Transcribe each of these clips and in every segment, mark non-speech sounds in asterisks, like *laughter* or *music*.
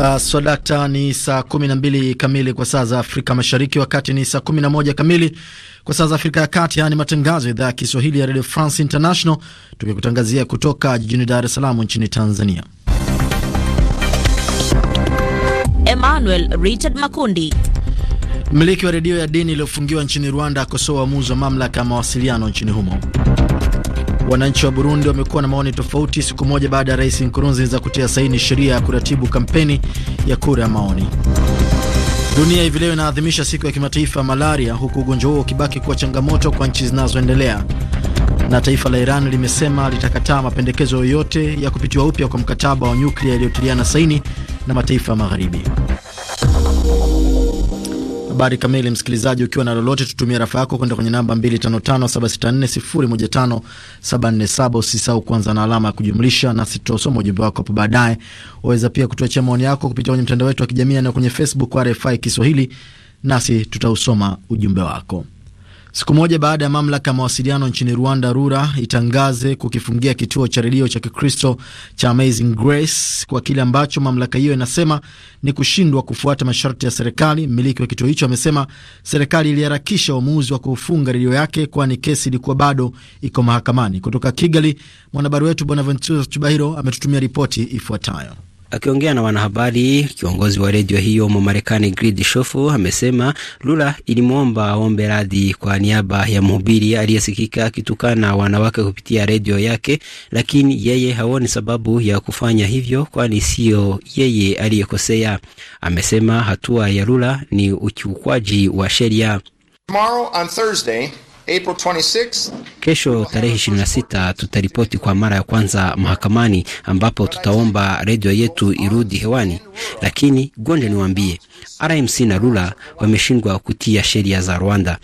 Uh, swadakta ni saa 12 kamili kwa saa za Afrika Mashariki, wakati ni saa 11 kamili kwa saa za Afrika ya Kati. Haya ni matangazo ya idhaa ya Kiswahili ya Radio France International, tukikutangazia kutoka jijini Dar es Salaam nchini Tanzania. Emmanuel Richard Makundi. Mmiliki wa redio ya dini iliyofungiwa nchini Rwanda akosoa uamuzi wa mamlaka ya mawasiliano nchini humo. Wananchi wa Burundi wamekuwa na maoni tofauti siku moja baada ya Rais Nkurunziza kutia saini sheria ya kuratibu kampeni ya kura ya maoni. Dunia hivi leo inaadhimisha siku ya kimataifa ya malaria, huku ugonjwa huo ukibaki kuwa changamoto kwa nchi zinazoendelea. Na taifa la Iran limesema litakataa mapendekezo yoyote ya kupitiwa upya kwa mkataba wa nyuklia yaliyotiliana saini na mataifa ya Magharibi habari kamili. Msikilizaji, ukiwa na lolote, tutumia rafa yako kwenda kwenye namba 255764015747. Usisahau kuanza na alama ya kujumlisha, nasi tutasoma ujumbe wako hapo baadaye. Waweza pia kutuachia maoni yako kupitia kwenye mtandao wetu wa kijamii na kwenye Facebook RFI Kiswahili, nasi tutausoma ujumbe wako. Siku moja baada ya mamlaka ya mawasiliano nchini Rwanda, RURA, itangaze kukifungia kituo cha redio cha Kikristo cha Amazing Grace kwa kile ambacho mamlaka hiyo inasema ni kushindwa kufuata masharti ya serikali, mmiliki wa kituo hicho amesema serikali iliharakisha uamuzi wa kufunga redio yake, kwani kesi ilikuwa bado iko mahakamani. Kutoka Kigali, mwanahabari wetu Bonaventura Chubahiro ametutumia ripoti ifuatayo. Akiongea na wanahabari, kiongozi wa redio hiyo mwa Marekani Grid Shofu amesema Lula ilimwomba aombe radhi kwa niaba ya mhubiri aliyesikika akitukana wanawake kupitia redio yake, lakini yeye haoni sababu ya kufanya hivyo, kwani siyo yeye aliyekosea. Amesema hatua ya Lula ni ukiukwaji wa sheria. Tomorrow on Thursday Kesho tarehe 26 tutaripoti kwa mara ya kwanza mahakamani, ambapo tutaomba redio yetu irudi hewani. Lakini Gonde, niwaambie RMC na Lula wameshindwa kutia sheria za Rwanda.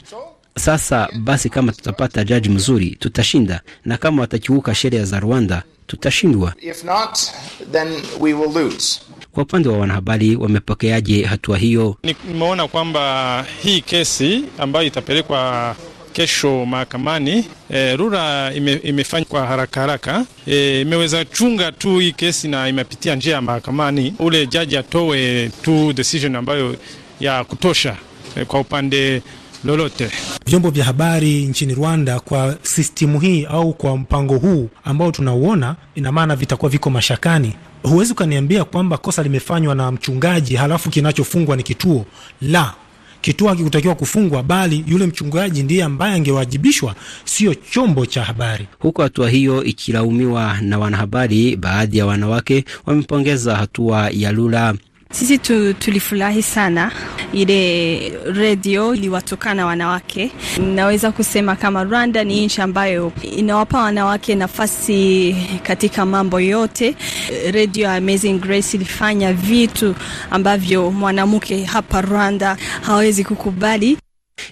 Sasa basi, kama tutapata jaji mzuri tutashinda, na kama watakiuka sheria za Rwanda tutashindwa. Kwa upande wa wanahabari, wamepokeaje hatua hiyo? Nimeona kwamba hii kesi ambayo itapelekwa kesho mahakamani. E, Rura ime, imefanywa kwa haraka haraka, e, imeweza chunga tu hii kesi na imepitia njia ya mahakamani, ule jaji atoe tu decision ambayo ya kutosha e, kwa upande lolote. Vyombo vya habari nchini Rwanda kwa sistimu hii au kwa mpango huu ambao tunauona, ina maana vitakuwa viko mashakani. Huwezi ukaniambia kwamba kosa limefanywa na mchungaji halafu kinachofungwa ni kituo la Kituo hakikutakiwa kufungwa, bali yule mchungaji ndiye ambaye angewajibishwa, sio chombo cha habari. Huku hatua hiyo ikilaumiwa na wanahabari, baadhi ya wanawake wamepongeza hatua ya Lula. Sisi tu, tulifurahi sana ile redio iliwatokana wanawake. Naweza kusema kama Rwanda ni nchi ambayo inawapa wanawake nafasi katika mambo yote. Redio ya Amazing Grace ilifanya vitu ambavyo mwanamke hapa Rwanda hawezi kukubali.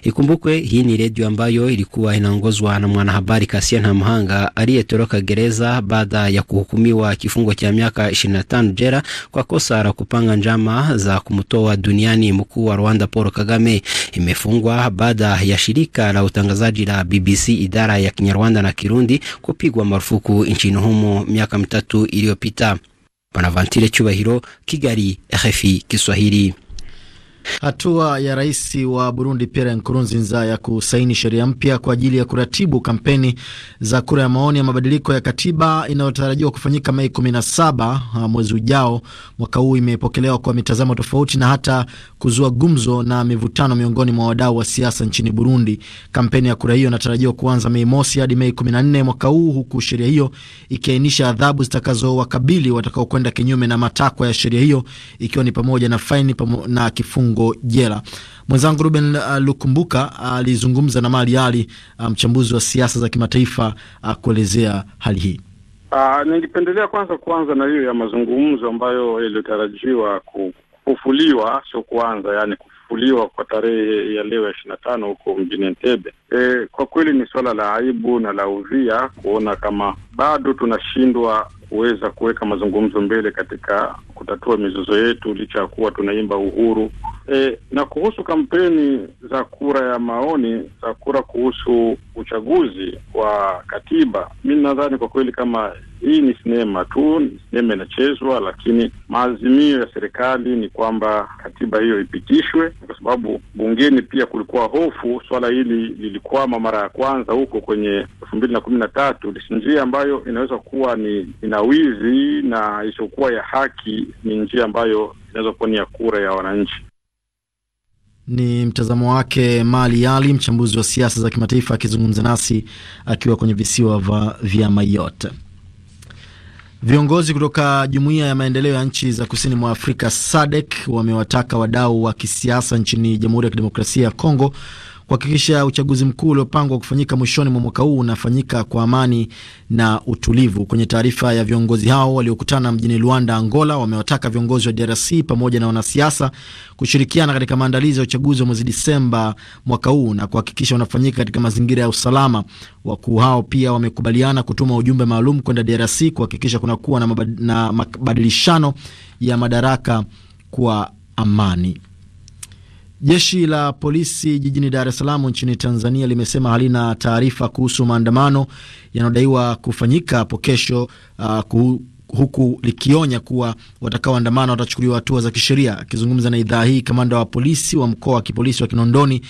Ikumbukwe hii ni redio ambayo ilikuwa inaongozwa na mwanahabari Kasia Ntamuhanga aliyetoroka gereza baada ya kuhukumiwa kifungo cha miaka 25 jela kwa kosa la kupanga njama za kumtoa duniani mkuu wa Rwanda Paul Kagame. Imefungwa baada ya shirika la utangazaji la BBC idara ya Kinyarwanda na Kirundi kupigwa marufuku nchini humo miaka mitatu iliyopita. Bonaventure Cyubahiro, Kigali, RFI Kiswahili. Hatua ya rais wa Burundi Pierre Nkurunziza ya kusaini sheria mpya kwa ajili ya kuratibu kampeni za kura ya maoni ya mabadiliko ya katiba inayotarajiwa kufanyika Mei 17 ah, mwezi ujao mwaka huu imepokelewa kwa mitazamo tofauti na hata kuzua gumzo na mivutano miongoni mwa wadau wa siasa nchini Burundi. Kampeni ya kura hiyo inatarajiwa kuanza Mei mosi hadi Mei 14 mwaka huu, huku sheria hiyo ikiainisha adhabu zitakazowakabili watakaokwenda kinyume na matakwa ya sheria hiyo, ikiwa ni pamoja na faini na kifungo kifungo jela. Mwenzangu Ruben uh, Lukumbuka uh, alizungumza uh, na Mali Ali uh, mchambuzi wa siasa za kimataifa uh, kuelezea hali hii. Uh, nilipendelea kwanza kuanza na hiyo ya mazungumzo ambayo yaliyotarajiwa kufufuliwa, sio kuanza, yani kufufuliwa kwa tarehe ya leo ya ishirini na tano huko mjini Entebbe. E, kwa kweli ni suala la aibu na la udhia kuona kama bado tunashindwa kuweza kuweka mazungumzo mbele katika kutatua mizozo yetu licha ya kuwa tunaimba uhuru E, na kuhusu kampeni za kura ya maoni za kura kuhusu uchaguzi wa katiba, mi nadhani kwa kweli kama hii ni sinema tu, ni sinema inachezwa, lakini maazimio ya serikali ni kwamba katiba hiyo ipitishwe, kwa sababu bungeni pia kulikuwa hofu. Swala hili lilikwama mara ya kwanza huko kwenye elfu mbili na kumi na tatu. Njia ambayo inaweza kuwa ni inawizi na isiyokuwa ya haki ni njia ambayo inaweza kuwa ni ya kura ya wananchi. Ni mtazamo wake Mali Ali, mchambuzi wa siasa za kimataifa, akizungumza nasi akiwa kwenye visiwa vya Mayotte. Viongozi kutoka jumuiya ya maendeleo ya nchi za kusini mwa Afrika SADC wamewataka wadau wa kisiasa nchini Jamhuri ya Kidemokrasia ya Kongo kuhakikisha uchaguzi mkuu uliopangwa kufanyika mwishoni mwa mwaka huu unafanyika kwa amani na utulivu. Kwenye taarifa ya viongozi hao waliokutana mjini Luanda, Angola, wamewataka viongozi wa DRC pamoja na wanasiasa kushirikiana katika maandalizi ya uchaguzi wa mwezi Disemba mwaka huu na kuhakikisha unafanyika katika mazingira ya usalama. Wakuu hao pia wamekubaliana kutuma ujumbe maalum kwenda DRC kuhakikisha kunakuwa na mabadilishano ya madaraka kwa amani. Jeshi la polisi jijini Dar es Salaam nchini Tanzania limesema halina taarifa kuhusu maandamano yanayodaiwa kufanyika hapo kesho uh, huku likionya kuwa watakaoandamana watachukuliwa hatua za kisheria. Akizungumza na idhaa hii, kamanda wa polisi wa mkoa wa kipolisi wa Kinondoni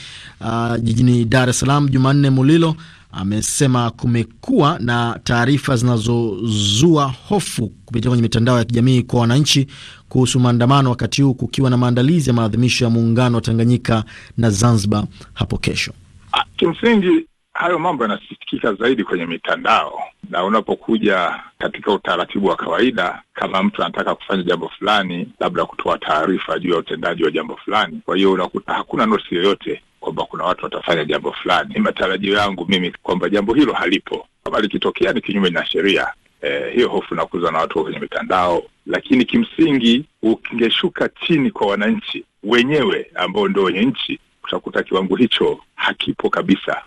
uh, jijini Dar es Salaam Jumanne Mulilo amesema kumekuwa na taarifa zinazozua hofu kupitia kwenye mitandao ya kijamii kwa wananchi kuhusu maandamano, wakati huu kukiwa na maandalizi ya maadhimisho ya muungano wa Tanganyika na Zanzibar hapo kesho. Ah, kimsingi hayo mambo yanasikika zaidi kwenye mitandao, na unapokuja katika utaratibu wa kawaida, kama mtu anataka kufanya jambo fulani, labda kutoa taarifa juu ya utendaji wa jambo fulani, kwa hiyo unakuta hakuna notisi yoyote kwamba kuna watu watafanya jambo fulani. Ni matarajio yangu mimi kwamba jambo hilo halipo, kama likitokea ni kinyume na sheria. Eh, hiyo hofu nakuza na watu kwenye mitandao, lakini kimsingi ukingeshuka chini kwa wananchi wenyewe ambao ndio wenye nchi, utakuta kiwango hicho hakipo kabisa.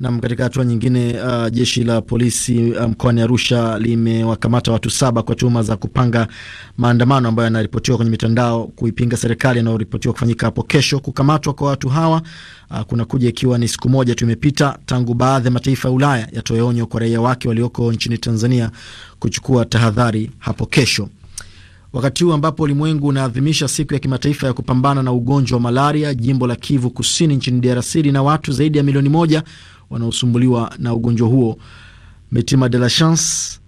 Nam, katika hatua nyingine, uh, jeshi la polisi uh, mkoani um, Arusha limewakamata watu saba kwa tuhuma za kupanga maandamano ambayo yanaripotiwa kwenye mitandao kuipinga serikali yanayoripotiwa kufanyika hapo kesho. Kukamatwa kwa watu hawa uh, kuna kuja ikiwa ni siku moja tu imepita tangu baadhi ya mataifa ya Ulaya yatoe onyo kwa raia wake walioko nchini Tanzania kuchukua tahadhari hapo kesho. Wakati huu ambapo ulimwengu unaadhimisha siku ya kimataifa ya kupambana na ugonjwa wa malaria, jimbo la Kivu Kusini nchini DRC lina watu zaidi ya milioni moja wanaosumbuliwa na ugonjwa huo. Metima de la Chance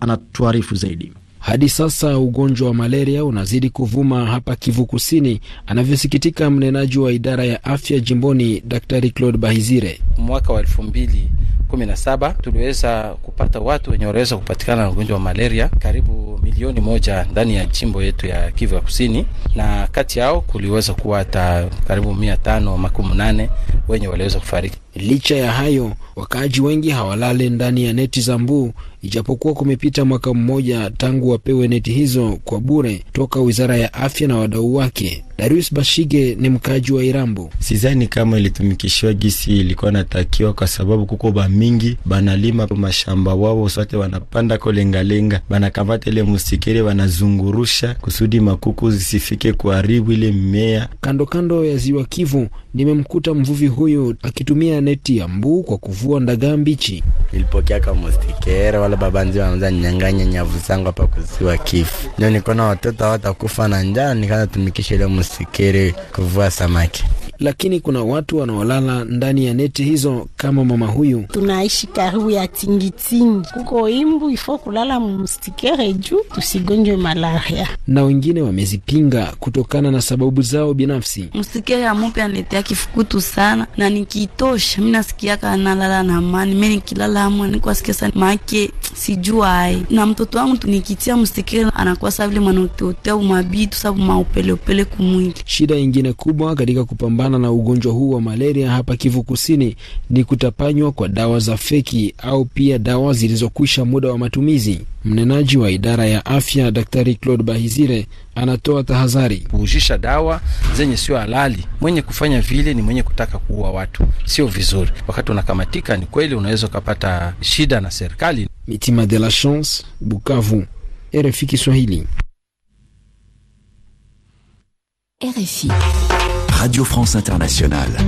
anatuarifu zaidi. Hadi sasa ugonjwa wa malaria unazidi kuvuma hapa Kivu Kusini, anavyosikitika mnenaji wa idara ya afya jimboni, Daktari Claude Bahizire. Mwaka wa elfu mbili kumi na saba tuliweza kupata watu wenye waliweza kupatikana na ugonjwa wa malaria karibu milioni moja ndani ya jimbo yetu ya Kivu ya Kusini, na kati yao kuliweza kuwa hata karibu mia tano makumi nane wenye waliweza kufariki. Licha ya hayo, wakaaji wengi hawalale ndani ya neti za mbuu Ijapokuwa kumepita mwaka mmoja tangu wapewe neti hizo kwa bure toka wizara ya afya na wadau wake. Darius Bashige ni mkaji wa Irambo. Sizani kama ilitumikishiwa gisi ilikuwa natakiwa, kwa sababu kuko mingi banalima mashamba wao sote wanapanda ko lengalenga, banakamata ile musikere wanazungurusha kusudi makuku zisifike kuharibu ile mimea kando kando ya ziwa Kivu nimemkuta mvuvi huyu akitumia neti ya mbu kwa kuvua ndagaa mbichi. Nilipokea kama mustikere wala babanzi wanaza nyang'anya nyavu zangu hapa kuziwa kifu, ndio nikona watoto hawatakufa na njaa, nikaanza tumikisha ile mustikere kuvua samaki lakini kuna watu wanaolala ndani ya neti hizo, kama mama huyu. Tunaishi karibu ya tingitingi, kuko imbu ifo kulala mustikere juu tusigonjwe malaria. Na wengine wamezipinga kutokana na sababu zao binafsi. Mustikere amupe netea kifukutu sana, na nikiitosha mi nasikiaka nalala na amani. Mi nikilala amwa nikwasikia sana make sijuai na mtoto wangu tunikitia mstikere anakuwa sa vile mwanauteuteu sabu maupeleupele kumwili. Shida ingine kubwa katika kupambana kupambana na ugonjwa huu wa malaria hapa Kivu Kusini ni kutapanywa kwa dawa za feki au pia dawa zilizokwisha muda wa matumizi. Mnenaji wa idara ya afya Daktari Claude Bahizire anatoa tahadhari kuuzisha dawa zenye sio halali. Mwenye kufanya vile ni mwenye kutaka kuua watu, sio vizuri. Wakati unakamatika, ni kweli unaweza ukapata shida na serikali. Mitima de la Chance, Bukavu, RFI Kiswahili. RFI Radio France Internationale.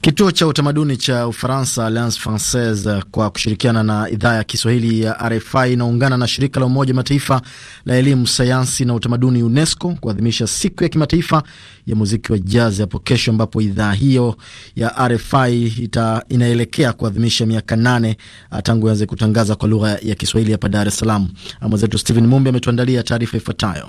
Kituo cha utamaduni cha Ufaransa Alliance Francaise kwa kushirikiana na idhaa ya Kiswahili ya RFI inaungana na shirika la Umoja Mataifa la elimu, sayansi na utamaduni UNESCO kuadhimisha siku ya kimataifa ya muziki wa jazz hapo kesho, ambapo idhaa hiyo ya RFI ita, inaelekea kuadhimisha miaka nane ah, tangu ianze kutangaza kwa lugha ya Kiswahili hapa Dar es Salaam. Mwenzetu Stephen Mumbi ametuandalia taarifa ifuatayo.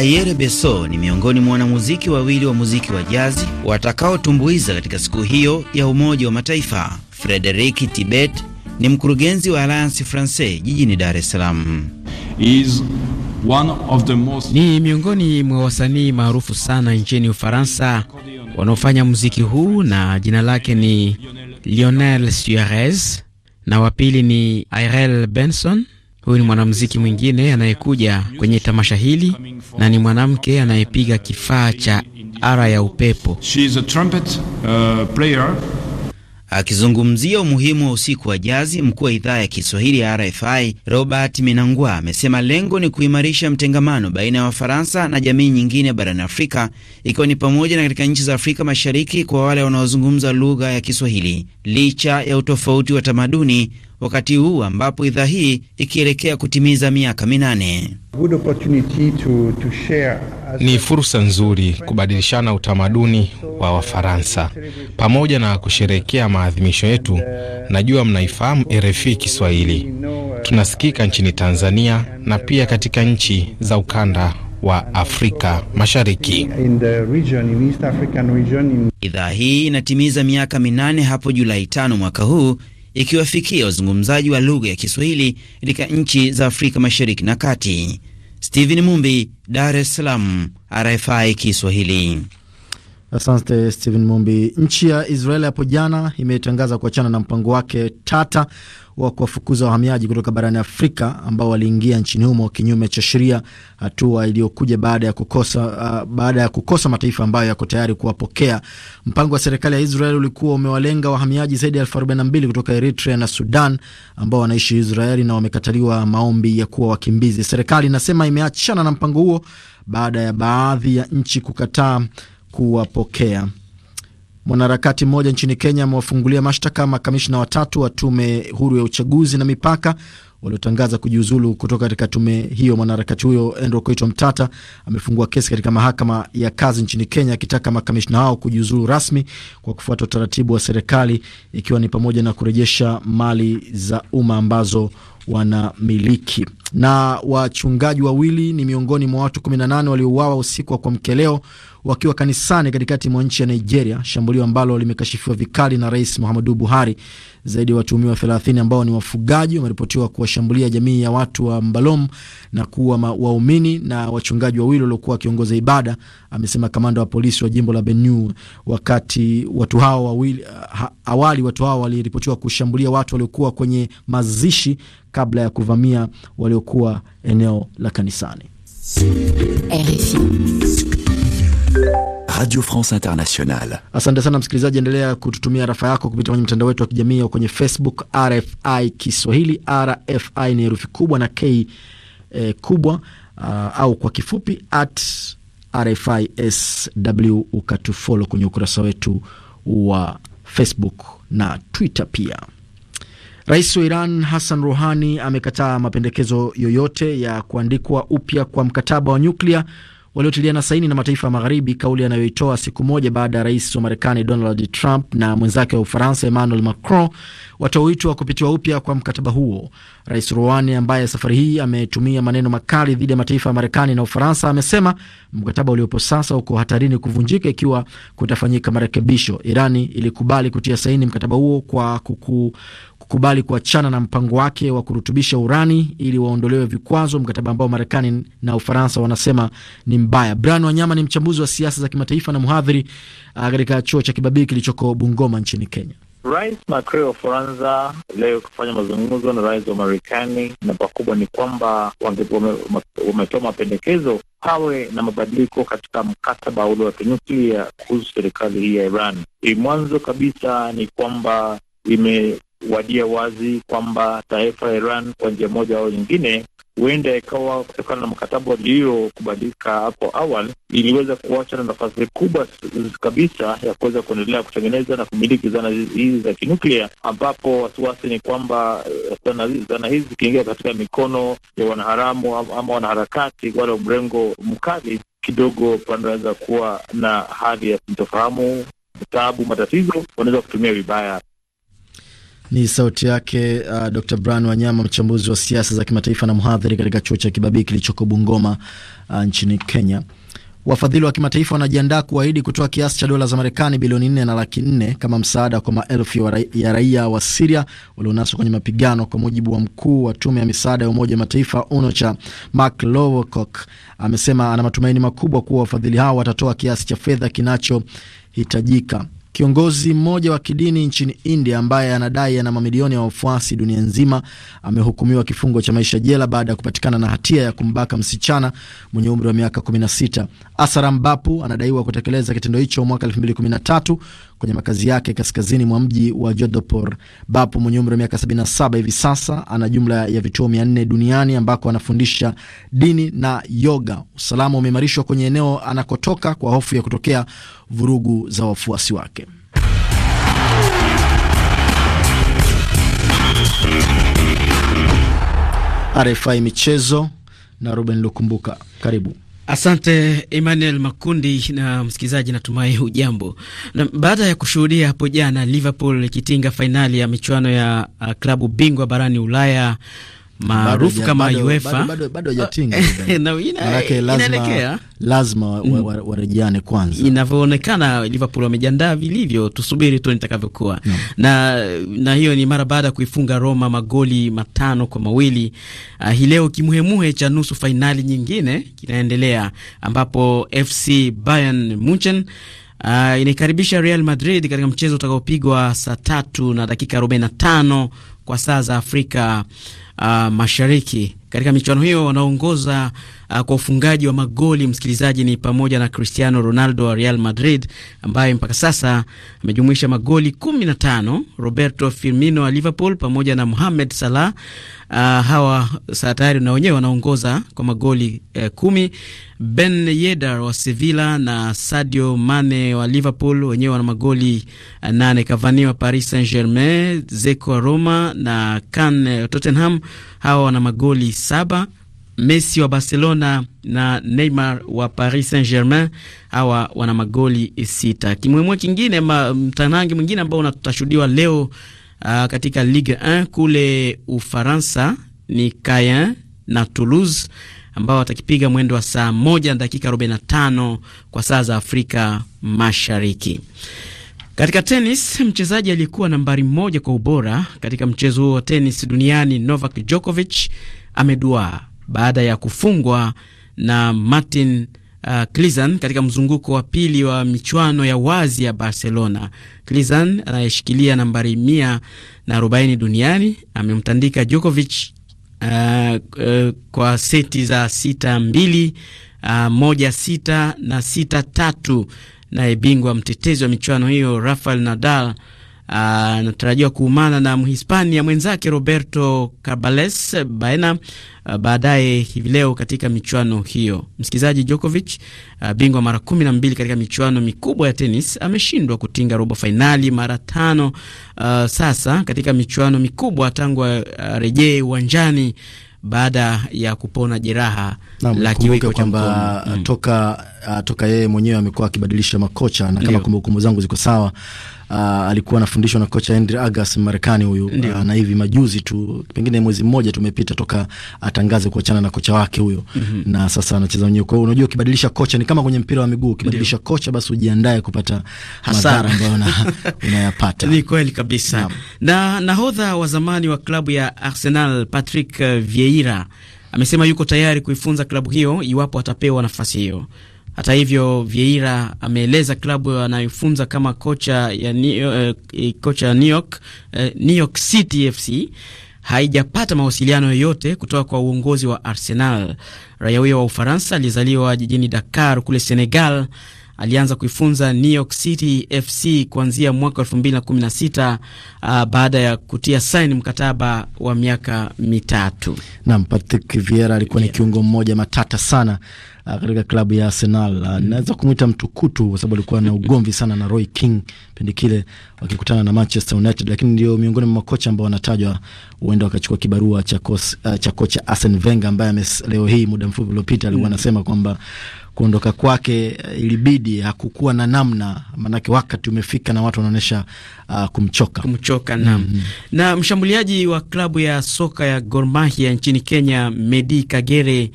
Ayere Beso ni miongoni mwa wanamuziki wawili wa muziki wa jazi watakaotumbuiza katika siku hiyo ya Umoja wa Mataifa. Frederik Tibet ni mkurugenzi wa Alliance Francais jijini Dar es Salaam. One of the most... ni miongoni mwa wasanii maarufu sana nchini Ufaransa wanaofanya muziki huu, na jina lake ni Lionel Suarez na wapili ni Irel Benson Huyu ni mwanamuziki mwingine anayekuja kwenye tamasha hili na ni mwanamke anayepiga kifaa cha ara ya upepo. She is a trumpet, uh, player. Akizungumzia umuhimu wa usiku wa jazi, mkuu wa idhaa ya Kiswahili ya RFI Robert Minangwa amesema lengo ni kuimarisha mtengamano baina ya Wafaransa na jamii nyingine barani Afrika, ikiwa ni pamoja na katika nchi za Afrika Mashariki kwa wale wanaozungumza lugha ya Kiswahili licha ya utofauti wa tamaduni wakati huu ambapo idhaa hii ikielekea kutimiza miaka minane. Ni fursa nzuri kubadilishana utamaduni wa Wafaransa pamoja na kusherehekea maadhimisho yetu. Najua mnaifahamu RFI Kiswahili, tunasikika nchini Tanzania na pia katika nchi za ukanda wa Afrika Mashariki. Idhaa hii inatimiza miaka minane hapo Julai tano mwaka huu ikiwafikia wazungumzaji wa lugha ya Kiswahili katika nchi za Afrika Mashariki na Kati. Steven Mumbi, Dar es Salaam, RFI Kiswahili. Asante Steven Mumbi. Nchi ya Israeli hapo jana imetangaza kuachana na mpango wake tata wa kuwafukuza wahamiaji kutoka barani Afrika ambao waliingia nchini humo kinyume cha sheria, hatua iliyokuja baada ya kukosa uh, baada ya kukosa mataifa ambayo yako tayari kuwapokea. Mpango wa serikali ya Israel ulikuwa umewalenga wahamiaji zaidi ya elfu arobaini na mbili kutoka Eritrea na Sudan ambao wanaishi Israeli na wamekataliwa maombi ya kuwa wakimbizi. Serikali inasema imeachana na mpango huo baada ya baadhi ya nchi kukataa kuwapokea. Mwanaharakati mmoja nchini Kenya amewafungulia mashtaka makamishna watatu wa tume huru ya uchaguzi na mipaka waliotangaza kujiuzulu kutoka katika tume hiyo. Mwanaharakati huyo Andrew Koito Mtata amefungua kesi katika mahakama ya kazi nchini Kenya akitaka makamishna hao kujiuzulu rasmi kwa kufuata utaratibu wa serikali, ikiwa ni pamoja na kurejesha mali za umma ambazo wanamiliki. Na wachungaji wawili ni miongoni mwa watu 18 waliouawa usiku wa kuamkia leo wakiwa kanisani katikati mwa nchi ya Nigeria, shambulio ambalo limekashifiwa vikali na Rais Muhammadu Buhari. Zaidi ya watuhumiwa 30 ambao ni wafugaji wameripotiwa kuwashambulia jamii ya watu wa Mbalom na kuwa waumini na wachungaji wawili waliokuwa wakiongoza ibada, amesema kamanda wa polisi wa jimbo la Benue. Wakati watu hao wawili ha, awali watu hao waliripotiwa kushambulia watu waliokuwa kwenye mazishi kabla ya kuvamia waliokuwa eneo la kanisani. RFI. Radio France Internationale. Asante sana msikilizaji, endelea kututumia rafa yako kupitia kwenye mtandao wetu wa kijamii au kwenye Facebook RFI Kiswahili. RFI ni herufi kubwa na K eh, kubwa uh, au kwa kifupi at RFI SW, ukatufolo kwenye ukurasa wetu wa Facebook na Twitter pia. Rais wa Iran Hassan Rouhani amekataa mapendekezo yoyote ya kuandikwa upya kwa mkataba wa nyuklia waliotiliana saini na mataifa ya magharibi, kauli anayoitoa siku moja baada ya rais wa Marekani Donald Trump na mwenzake wa Ufaransa Emmanuel Macron watoa wito wa kupitiwa upya kwa mkataba huo. Rais Rouhani ambaye safari hii ametumia maneno makali dhidi ya mataifa ya Marekani na Ufaransa amesema mkataba uliopo sasa uko hatarini kuvunjika ikiwa kutafanyika marekebisho. Irani ilikubali kutia saini mkataba huo kwa kuku kukubali kuachana na mpango wake wa kurutubisha urani ili waondolewe vikwazo, mkataba ambao Marekani na Ufaransa wanasema ni mbaya. Brian Wanyama ni mchambuzi wa siasa za kimataifa na mhadhiri uh, katika chuo cha Kibabii kilichoko Bungoma nchini Kenya. Rais Macron wa Ufaransa leo kufanya mazungumzo na rais wa Marekani, na pakubwa ni kwamba wametoa mapendekezo pawe na mabadiliko katika mkataba ule wa kinyuklia kuhusu serikali hii ya Iran. Mwanzo kabisa ni kwamba ime wadia wazi kwamba taifa ya Iran kwa njia moja au nyingine huenda ikawa kutokana na mkataba uliokubalika hapo awali, iliweza kuacha na nafasi kubwa kabisa ya kuweza kuendelea kutengeneza na kumiliki zana hizi za kinuklia, ambapo wasiwasi ni kwamba eh, zana hizi zikiingia katika mikono ya wanaharamu ama wanaharakati wale wa mrengo mkali, kidogo panaweza kuwa na hali ya sintofahamu, taabu, matatizo, wanaweza kutumia vibaya ni sauti yake uh, Dr. Brian Wanyama, mchambuzi wa siasa za kimataifa na mhadhiri katika chuo cha Kibabii kilichoko Bungoma uh, nchini Kenya. Wafadhili wa kimataifa wanajiandaa kuahidi kutoa kiasi cha dola za Marekani bilioni nne na laki nne kama msaada kwa maelfu ya raia wa Siria walionaswa kwenye mapigano, kwa mujibu wa mkuu wa tume ya misaada ya Umoja wa Mataifa UNOCHA Mark Lowcock amesema ana matumaini makubwa kuwa wafadhili hao watatoa kiasi cha fedha kinachohitajika. Kiongozi mmoja wa kidini nchini India ambaye anadai ana mamilioni ya wafuasi dunia nzima amehukumiwa kifungo cha maisha jela baada ya kupatikana na hatia ya kumbaka msichana mwenye umri wa miaka 16. Asaram Bapu anadaiwa kutekeleza kitendo hicho mwaka 2013 kwenye makazi yake kaskazini mwa mji wa Jodhpur. Bapu mwenye umri wa miaka 77 hivi sasa ana jumla ya vituo 400 duniani ambako anafundisha dini na yoga. Usalama umeimarishwa kwenye eneo anakotoka kwa hofu ya kutokea vurugu za wafuasi wake. RFI Michezo na Ruben Lukumbuka, karibu. Asante Emmanuel Makundi na msikilizaji, natumai hujambo. Na baada ya kushuhudia hapo jana Liverpool ikitinga fainali ya michuano ya uh, klabu bingwa barani Ulaya maarufu kama UEFA bado hajatinga *laughs* manake lazima, lazima mm. warejeane kwanza. Inavyoonekana Liverpool wamejiandaa vilivyo, tusubiri tu nitakavyokuwa no. na, na hiyo ni mara baada ya kuifunga Roma magoli matano kwa mawili. Uh, hii leo kimuhemuhe cha nusu fainali nyingine kinaendelea ambapo FC Bayern Munchen Uh, inaikaribisha Real Madrid katika mchezo utakaopigwa saa tatu na dakika 45 kwa saa za Afrika uh, mashariki. Katika michuano hiyo wanaongoza uh, kwa ufungaji wa magoli msikilizaji, ni pamoja na Cristiano Ronaldo wa Real Madrid ambaye mpaka sasa amejumuisha magoli 15, Roberto Firmino wa Liverpool pamoja na Mohamed Salah. Uh, hawa saa tayari na wenyewe wanaongoza kwa magoli eh, kumi. Ben Yedder wa Sevilla na Sadio Mane wa Liverpool wenyewe wana magoli uh, nane. Cavani wa Paris Saint-Germain, Zeko wa Roma na Kane wa Tottenham hawa wana magoli saba. Messi wa Barcelona na Neymar wa Paris Saint-Germain hawa wana magoli sita. Kimwemwe kingine ma, mtanangi mwingine ambao unatashuhudiwa leo uh, katika Ligue 1 kule Ufaransa ni Caen na Toulouse ambao watakipiga mwendo wa saa moja na dakika 45 kwa saa za Afrika Mashariki. Katika tenis, mchezaji aliyekuwa nambari moja kwa ubora katika mchezo huo wa tenis duniani Novak Djokovic ameduaa baada ya kufungwa na Martin uh, Klizan katika mzunguko wa pili wa michuano ya wazi ya Barcelona. Klizan anayeshikilia nambari mia na arobaini duniani amemtandika Djokovic uh, uh, kwa seti za sita mbili, uh, moja sita na sita tatu naye bingwa mtetezi wa michuano hiyo Rafael Nadal anatarajiwa kuumana na Mhispania mwenzake Roberto Cabales Baena uh, baadaye hivi leo katika michuano hiyo. Msikilizaji, Djokovic uh, bingwa mara kumi na mbili katika michuano mikubwa ya tenis ameshindwa kutinga robo fainali mara tano uh, sasa katika michuano mikubwa tangu arejee uwanjani baada ya kupona jeraha la kiwiko cha kwamba uh, toka, uh, toka yeye mwenyewe amekuwa akibadilisha makocha na kama kumbukumbu zangu ziko sawa uh, alikuwa anafundishwa na kocha Andre Agas Marekani huyu uh, na hivi majuzi tu pengine mwezi mmoja tumepita toka atangaze kuachana na kocha wake huyo mm -hmm. na sasa anacheza mwenyewe. Kwa hiyo unajua, ukibadilisha kocha ni kama kwenye mpira wa miguu, ukibadilisha kocha basi ujiandae kupata hasara ambayo *laughs* unayapata. Ni kweli kabisa. Naam. Na nahodha wa zamani wa klabu ya Arsenal Patrick Vieira amesema yuko tayari kuifunza klabu hiyo iwapo atapewa nafasi hiyo. Hata hivyo, Vieira ameeleza klabu anayofunza kama kocha ya New, eh, eh kocha ya New York, eh, New York City FC haijapata mawasiliano yoyote kutoka kwa uongozi wa Arsenal. Raia huyo wa Ufaransa aliyezaliwa jijini Dakar kule Senegal alianza kuifunza New York City FC kuanzia mwaka 2016 uh, ah, baada ya kutia saini mkataba wa miaka mitatu. Naam, Patrick Vieira alikuwa ni kiungo mmoja matata sana uh, katika klabu ya Arsenal. Uh, mm. naweza kumwita mtukutu kwa sababu alikuwa na ugomvi sana na Roy King pindi kile wakikutana na Manchester United, lakini ndio miongoni mwa makocha ambao wanatajwa huenda wakachukua kibarua cha uh, kocha uh, Arsene Wenger ambaye leo hii muda mfupi uliopita alikuwa mm. anasema kwamba kuondoka kwake eh, ilibidi, hakukuwa na namna, maanake wakati umefika na watu wanaonyesha uh, ah, kumchoka kumchoka. na. mm -hmm. Na mshambuliaji wa klabu ya soka ya Gor Mahia nchini Kenya, Medi Kagere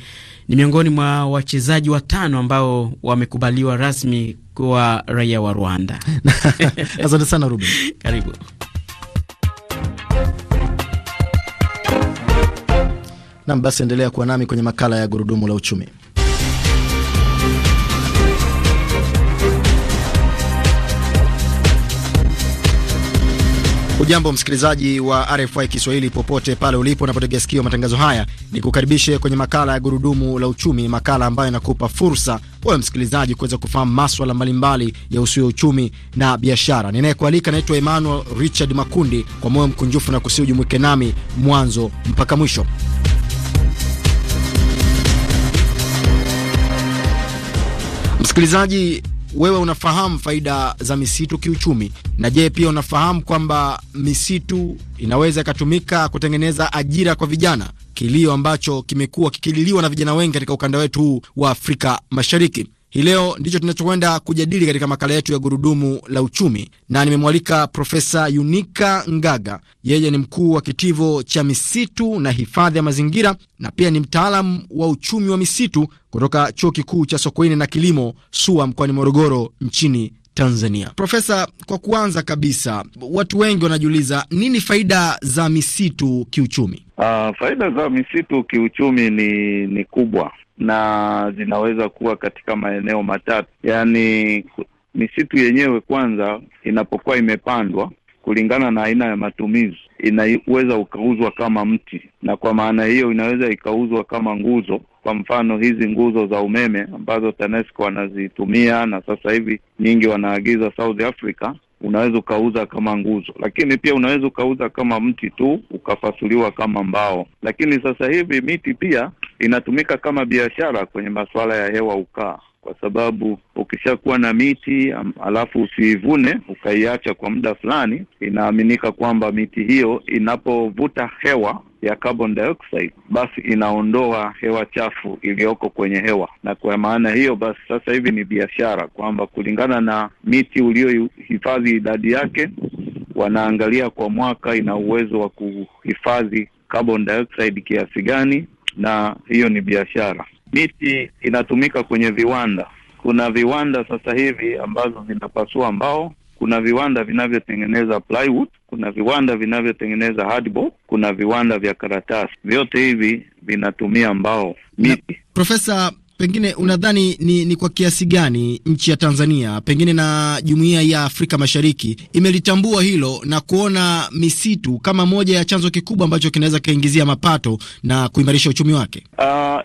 ni miongoni mwa wachezaji watano ambao wamekubaliwa rasmi kuwa raia wa Rwanda. *laughs* Asante sana Ruben, *laughs* karibu nam. Basi endelea kuwa nami kwenye makala ya gurudumu la uchumi. Ujambo msikilizaji wa RFI Kiswahili popote pale ulipo unapotega sikio matangazo haya, ni kukaribishe kwenye makala ya gurudumu la uchumi, makala ambayo inakupa fursa wewe msikilizaji kuweza kufahamu maswala mbalimbali ya usio uchumi na biashara. Ninayekualika naitwa Emmanuel Richard Makundi, kwa moyo mkunjufu na kusi ujumuike nami mwanzo mpaka mwisho. Msikilizaji, wewe unafahamu faida za misitu kiuchumi, na je, pia unafahamu kwamba misitu inaweza ikatumika kutengeneza ajira kwa vijana, kilio ambacho kimekuwa kikililiwa na vijana wengi katika ukanda wetu huu wa Afrika Mashariki. Hii leo ndicho tunachokwenda kujadili katika makala yetu ya gurudumu la uchumi, na nimemwalika Profesa Yunika Ngaga. Yeye ni mkuu wa kitivo cha misitu na hifadhi ya mazingira na pia ni mtaalamu wa uchumi wa misitu kutoka chuo kikuu cha Sokoine na kilimo SUA mkoani Morogoro nchini Tanzania. Profesa, kwa kuanza kabisa, watu wengi wanajiuliza nini faida za misitu kiuchumi? Uh, faida za misitu kiuchumi ni, ni kubwa na zinaweza kuwa katika maeneo matatu, yaani misitu yenyewe kwanza inapokuwa imepandwa kulingana na aina ya matumizi, inaweza ukauzwa kama mti, na kwa maana hiyo inaweza ikauzwa kama nguzo. Kwa mfano hizi nguzo za umeme ambazo TANESCO wanazitumia na sasa hivi nyingi wanaagiza South Africa, unaweza ukauza kama nguzo, lakini pia unaweza ukauza kama mti tu ukafasuliwa kama mbao. Lakini sasa hivi miti pia inatumika kama biashara kwenye masuala ya hewa ukaa kwa sababu ukishakuwa na miti alafu usiivune ukaiacha kwa muda fulani, inaaminika kwamba miti hiyo inapovuta hewa ya carbon dioxide basi inaondoa hewa chafu iliyoko kwenye hewa, na kwa maana hiyo basi sasa hivi ni biashara kwamba kulingana na miti uliohifadhi idadi yake, wanaangalia kwa mwaka ina uwezo wa kuhifadhi carbon dioxide kiasi gani, na hiyo ni biashara miti inatumika kwenye viwanda. Kuna viwanda sasa hivi ambazo vinapasua mbao, kuna viwanda vinavyotengeneza plywood, kuna viwanda vinavyotengeneza hardboard, kuna viwanda vya karatasi. Vyote hivi vinatumia mbao, miti. Profesa, pengine unadhani ni, ni kwa kiasi gani nchi ya Tanzania pengine na jumuiya ya Afrika Mashariki imelitambua hilo na kuona misitu kama moja ya chanzo kikubwa ambacho kinaweza kikaingizia mapato na kuimarisha uchumi wake? Uh,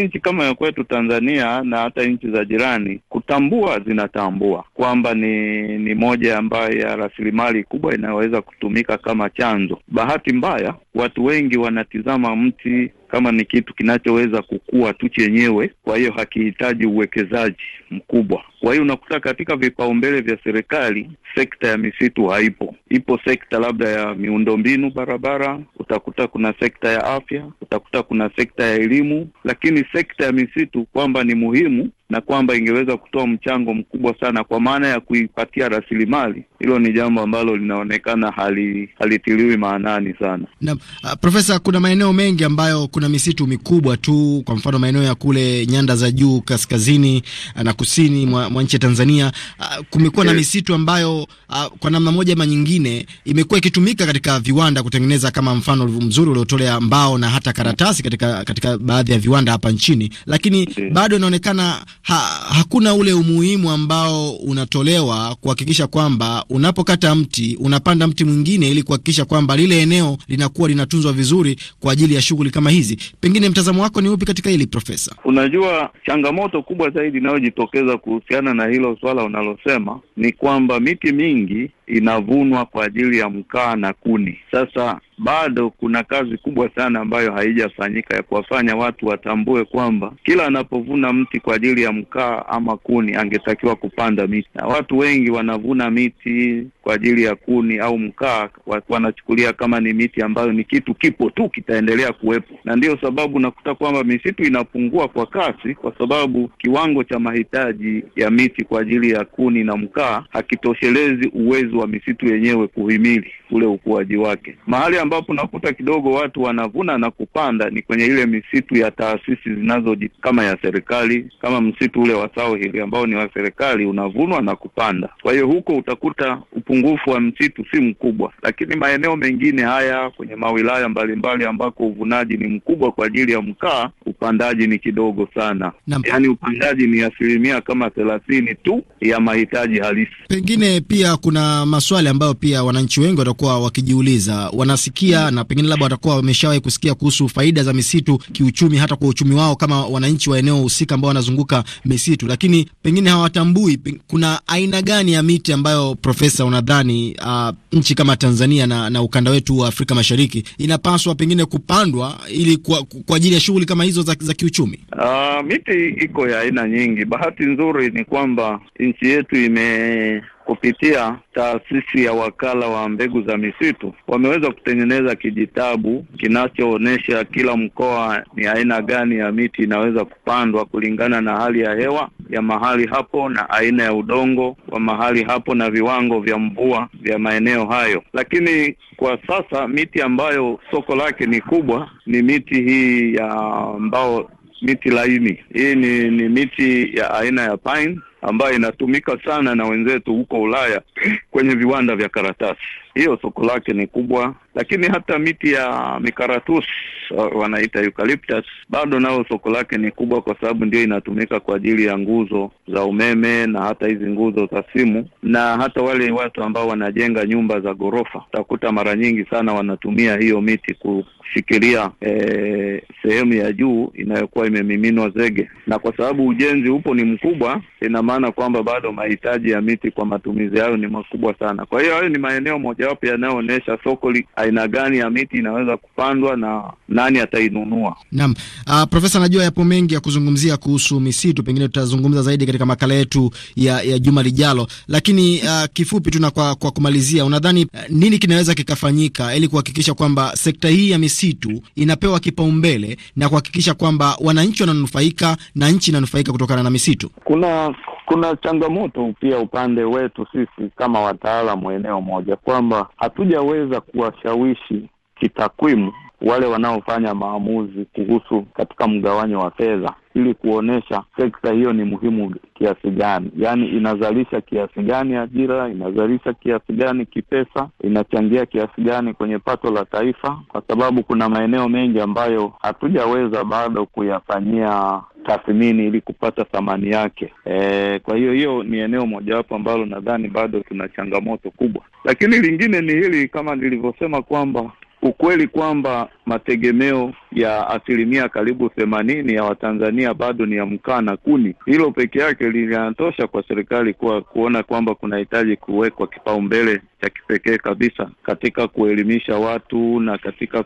nchi kama ya kwetu Tanzania na hata nchi za jirani kutambua, zinatambua kwamba ni ni moja ambayo ya rasilimali kubwa inayoweza kutumika kama chanzo. Bahati mbaya, watu wengi wanatizama mti kama ni kitu kinachoweza kukua tu chenyewe, kwa hiyo hakihitaji uwekezaji mkubwa. Kwa hiyo unakuta katika vipaumbele vya serikali sekta ya misitu haipo. Ipo sekta labda ya miundombinu, barabara, utakuta kuna sekta ya afya, utakuta kuna sekta ya elimu, lakini sekta ya misitu kwamba ni muhimu na kwamba ingeweza kutoa mchango mkubwa sana kwa maana ya kuipatia rasilimali. Hilo ni jambo ambalo linaonekana hali halitiliwi maanani sana. uh, Profesa, kuna maeneo mengi ambayo kuna misitu mikubwa tu, kwa mfano maeneo ya kule nyanda za juu kaskazini ah, na kusini mwa, mwa nchi ya Tanzania. uh, kumekuwa yeah, na eh. misitu ambayo uh, kwa namna moja ama nyingine imekuwa ikitumika katika viwanda kutengeneza, kama mfano mzuri uliotolea mbao na hata karatasi katika, katika baadhi ya viwanda hapa nchini, lakini yeah, bado inaonekana ha, hakuna ule umuhimu ambao unatolewa kuhakikisha kwamba unapokata mti unapanda mti mwingine ili kuhakikisha kwamba lile eneo linakuwa linatunzwa vizuri kwa ajili ya shughuli kama hizi. Pengine mtazamo wako ni upi katika hili Profesa? Unajua, changamoto kubwa zaidi inayojitokeza kuhusiana na hilo swala unalosema ni kwamba miti mingi inavunwa kwa ajili ya mkaa na kuni. Sasa bado kuna kazi kubwa sana ambayo haijafanyika ya kuwafanya watu watambue kwamba kila anapovuna mti kwa ajili ya mkaa ama kuni angetakiwa kupanda miti, na watu wengi wanavuna miti kwa ajili ya kuni au mkaa, wanachukulia kama ni miti ambayo ni kitu kipo tu kitaendelea kuwepo, na ndiyo sababu unakuta kwamba misitu inapungua kwa kasi, kwa sababu kiwango cha mahitaji ya miti kwa ajili ya kuni na mkaa hakitoshelezi uwezo uwezo wa misitu yenyewe kuhimili ule ukuaji wake. Mahali ambapo unakuta kidogo watu wanavuna na kupanda ni kwenye ile misitu ya taasisi zinazo kama ya serikali, kama msitu ule wa Sao Hill ambao ni wa serikali unavunwa na kupanda. Kwa hiyo huko utakuta upungufu wa msitu si mkubwa, lakini maeneo mengine haya kwenye mawilaya mbalimbali ambako uvunaji ni mkubwa kwa ajili ya mkaa, upandaji ni kidogo sana. Yaani upandaji ni asilimia kama thelathini tu ya mahitaji halisi. Pengine pia kuna maswali ambayo pia wananchi wengi watakuwa wakijiuliza, wanasikia na pengine labda watakuwa wameshawahi kusikia kuhusu faida za misitu kiuchumi, hata kwa uchumi wao kama wananchi wa eneo husika ambao wanazunguka misitu, lakini pengine hawatambui kuna aina gani ya miti ambayo profesa, unadhani uh, nchi kama Tanzania na, na ukanda wetu wa Afrika Mashariki inapaswa pengine kupandwa ili kwa, kwa ajili ya shughuli kama hizo za, za kiuchumi? Uh, miti iko ya aina nyingi. Bahati nzuri ni kwamba nchi yetu ime kupitia taasisi ya wakala wa mbegu za misitu wameweza kutengeneza kijitabu kinachoonyesha kila mkoa ni aina gani ya miti inaweza kupandwa kulingana na hali ya hewa ya mahali hapo na aina ya udongo wa mahali hapo na viwango vya mvua vya maeneo hayo. Lakini kwa sasa miti ambayo soko lake ni kubwa ni miti hii ya mbao, miti laini hii ni, ni miti ya aina ya pine ambayo inatumika sana na wenzetu huko Ulaya kwenye viwanda vya karatasi hiyo soko lake ni kubwa, lakini hata miti ya mikaratus wanaita eucalyptus bado nayo soko lake ni kubwa, kwa sababu ndio inatumika kwa ajili ya nguzo za umeme na hata hizi nguzo za simu, na hata wale watu ambao wanajenga nyumba za ghorofa utakuta mara nyingi sana wanatumia hiyo miti kushikilia e, sehemu ya juu inayokuwa imemiminwa zege, na kwa sababu ujenzi upo ni mkubwa, ina maana kwamba bado mahitaji ya miti kwa matumizi hayo ni makubwa sana. Kwa hiyo hayo ni maeneo moja mojawapo yanayoonyesha soko aina gani ya miti inaweza kupandwa na nani atainunua. Naam, uh, Profesa, najua yapo mengi ya kuzungumzia kuhusu misitu, pengine tutazungumza zaidi katika makala yetu ya, ya juma lijalo, lakini uh, kifupi tu na kwa, kwa kumalizia, unadhani uh, nini kinaweza kikafanyika ili kuhakikisha kwamba sekta hii ya misitu inapewa kipaumbele na kuhakikisha kwamba wananchi wananufaika na nchi inanufaika kutokana na misitu? Kuna kuna changamoto pia upande wetu sisi kama wataalamu eneo moja, kwamba hatujaweza kuwashawishi kitakwimu wale wanaofanya maamuzi kuhusu katika mgawanyo wa fedha ili kuonyesha sekta hiyo ni muhimu kiasi gani, yaani inazalisha kiasi gani ajira, inazalisha kiasi gani kipesa, inachangia kiasi gani kwenye pato la taifa, kwa sababu kuna maeneo mengi ambayo hatujaweza bado kuyafanyia tathmini ili kupata thamani yake. E, kwa hiyo hiyo ni eneo mojawapo ambalo nadhani bado tuna changamoto kubwa, lakini lingine ni hili, kama nilivyosema kwamba ukweli kwamba mategemeo ya asilimia karibu themanini ya Watanzania bado ni ya mkaa na kuni. Hilo peke yake linatosha kwa serikali kuwa kuona kwamba kunahitaji kuwekwa kipaumbele cha kipekee kabisa katika kuelimisha watu na katika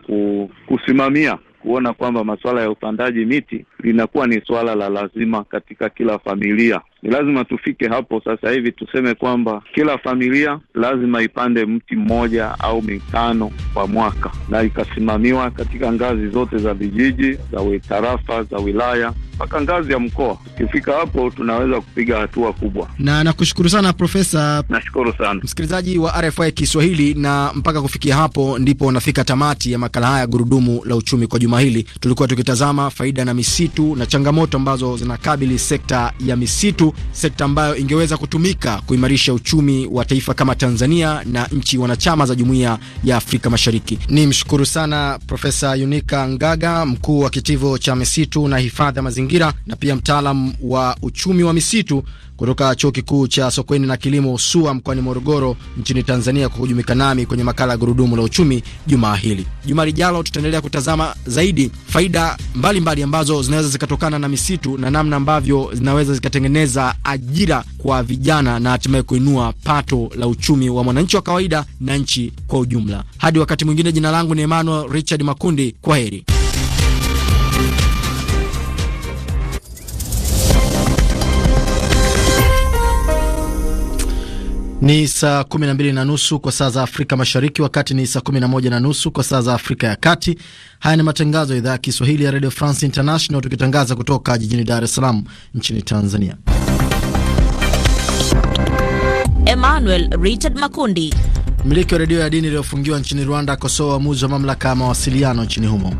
kusimamia kuona kwamba masuala ya upandaji miti linakuwa ni suala la lazima katika kila familia. Ni lazima tufike hapo sasa hivi tuseme kwamba kila familia lazima ipande mti mmoja au mitano kwa mwaka na ikasimamiwa katika ngazi zote za vijiji, za tarafa, za wilaya mpaka ngazi ya mkoa. tukifika hapo, tunaweza kupiga hatua kubwa, na nakushukuru sana Profesa. Nashukuru sana msikilizaji wa RFI Kiswahili, na mpaka kufikia hapo ndipo nafika tamati ya makala haya Gurudumu la Uchumi kwa juma hili. Tulikuwa tukitazama faida na misitu na changamoto ambazo zinakabili sekta ya misitu, sekta ambayo ingeweza kutumika kuimarisha uchumi wa taifa kama Tanzania na nchi wanachama za Jumuiya ya Afrika Mashariki. Ni mshukuru sana Prof. Profesa Yunika Ngaga, mkuu wa kitivo cha misitu na hifadhi ya mazingira na pia mtaalam wa uchumi wa misitu kutoka chuo kikuu cha Sokweni na kilimo SUA mkoani Morogoro nchini Tanzania kwa kujumika nami kwenye makala ya gurudumu la uchumi jumaa hili. Juma lijalo tutaendelea kutazama zaidi faida mbalimbali mbali ambazo zinaweza zikatokana na misitu na namna ambavyo zinaweza zikatengeneza ajira kwa vijana na hatimaye kuinua pato la uchumi wa mwananchi wa kawaida na nchi kwa ujumla. Hadi wakati mwingine, jina langu ni Emmanuel Richard Makundi. Kwa heri. Ni saa 12 na nusu kwa saa za Afrika Mashariki, wakati ni saa 11 na nusu kwa saa za Afrika ya Kati. Haya ni matangazo ya idhaa ya Kiswahili ya Radio France International, tukitangaza kutoka jijini Dar es Salaam nchini Tanzania. Emmanuel Richard Makundi. Mmiliki wa redio ya dini iliyofungiwa nchini Rwanda akosoa uamuzi wa mamlaka ya mawasiliano nchini humo.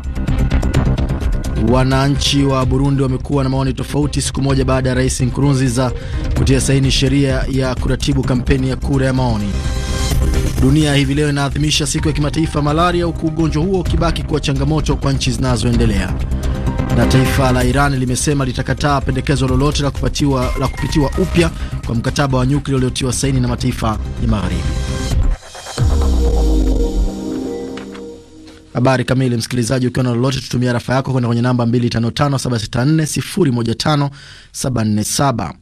Wananchi wa Burundi wamekuwa na maoni tofauti siku moja baada ya Rais Nkurunziza kutia saini sheria ya kuratibu kampeni ya kura ya maoni. Dunia hivi leo inaadhimisha siku ya kimataifa malaria, huku ugonjwa huo ukibaki kuwa changamoto kwa nchi zinazoendelea. Na taifa la Iran limesema litakataa pendekezo lolote la kupatiwa, la kupitiwa upya kwa mkataba wa nyuklia uliotiwa saini na mataifa ya Magharibi. Habari kamili, msikilizaji, ukiwa na lolote, tutumia rafa yako kwenda kwenye namba 255764015747.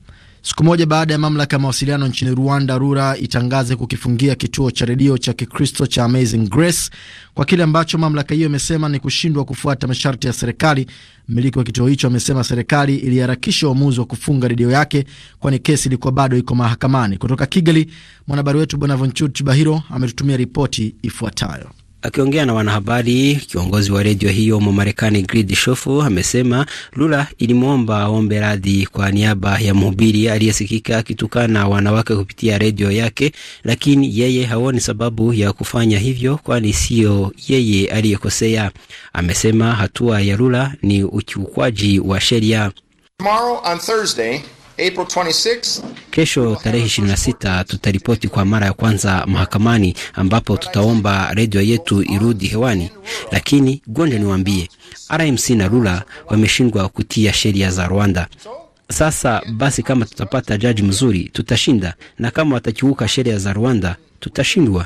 Siku moja baada ya mamlaka ya mawasiliano nchini Rwanda, RURA, itangaze kukifungia kituo cha redio cha Kikristo cha Amazing Grace kwa kile ambacho mamlaka hiyo imesema ni kushindwa kufuata masharti ya serikali. Mmiliki wa kituo hicho amesema serikali iliharakisha uamuzi wa kufunga redio yake, kwani kesi ilikuwa bado iko mahakamani. Kutoka Kigali, mwanahabari wetu Bonaventure chibahiro ametutumia ripoti ifuatayo. Akiongea na wanahabari, kiongozi wa redio hiyo mu Marekani Grid Shofu amesema Lula ilimwomba aombe radhi kwa niaba ya mhubiri aliyesikika akitukana wanawake kupitia redio yake, lakini yeye haoni sababu ya kufanya hivyo, kwani siyo yeye aliyekosea. Amesema hatua ya Lula ni ukiukwaji wa sheria. Tomorrow on Thursday Kesho tarehe 26 tutaripoti kwa mara ya kwanza mahakamani, ambapo tutaomba redio yetu irudi hewani. Lakini Gonde, niwaambie RMC na Rula wameshindwa kutia sheria za Rwanda. Sasa basi, kama tutapata jaji mzuri tutashinda, na kama watakiuka sheria za Rwanda tutashindwa.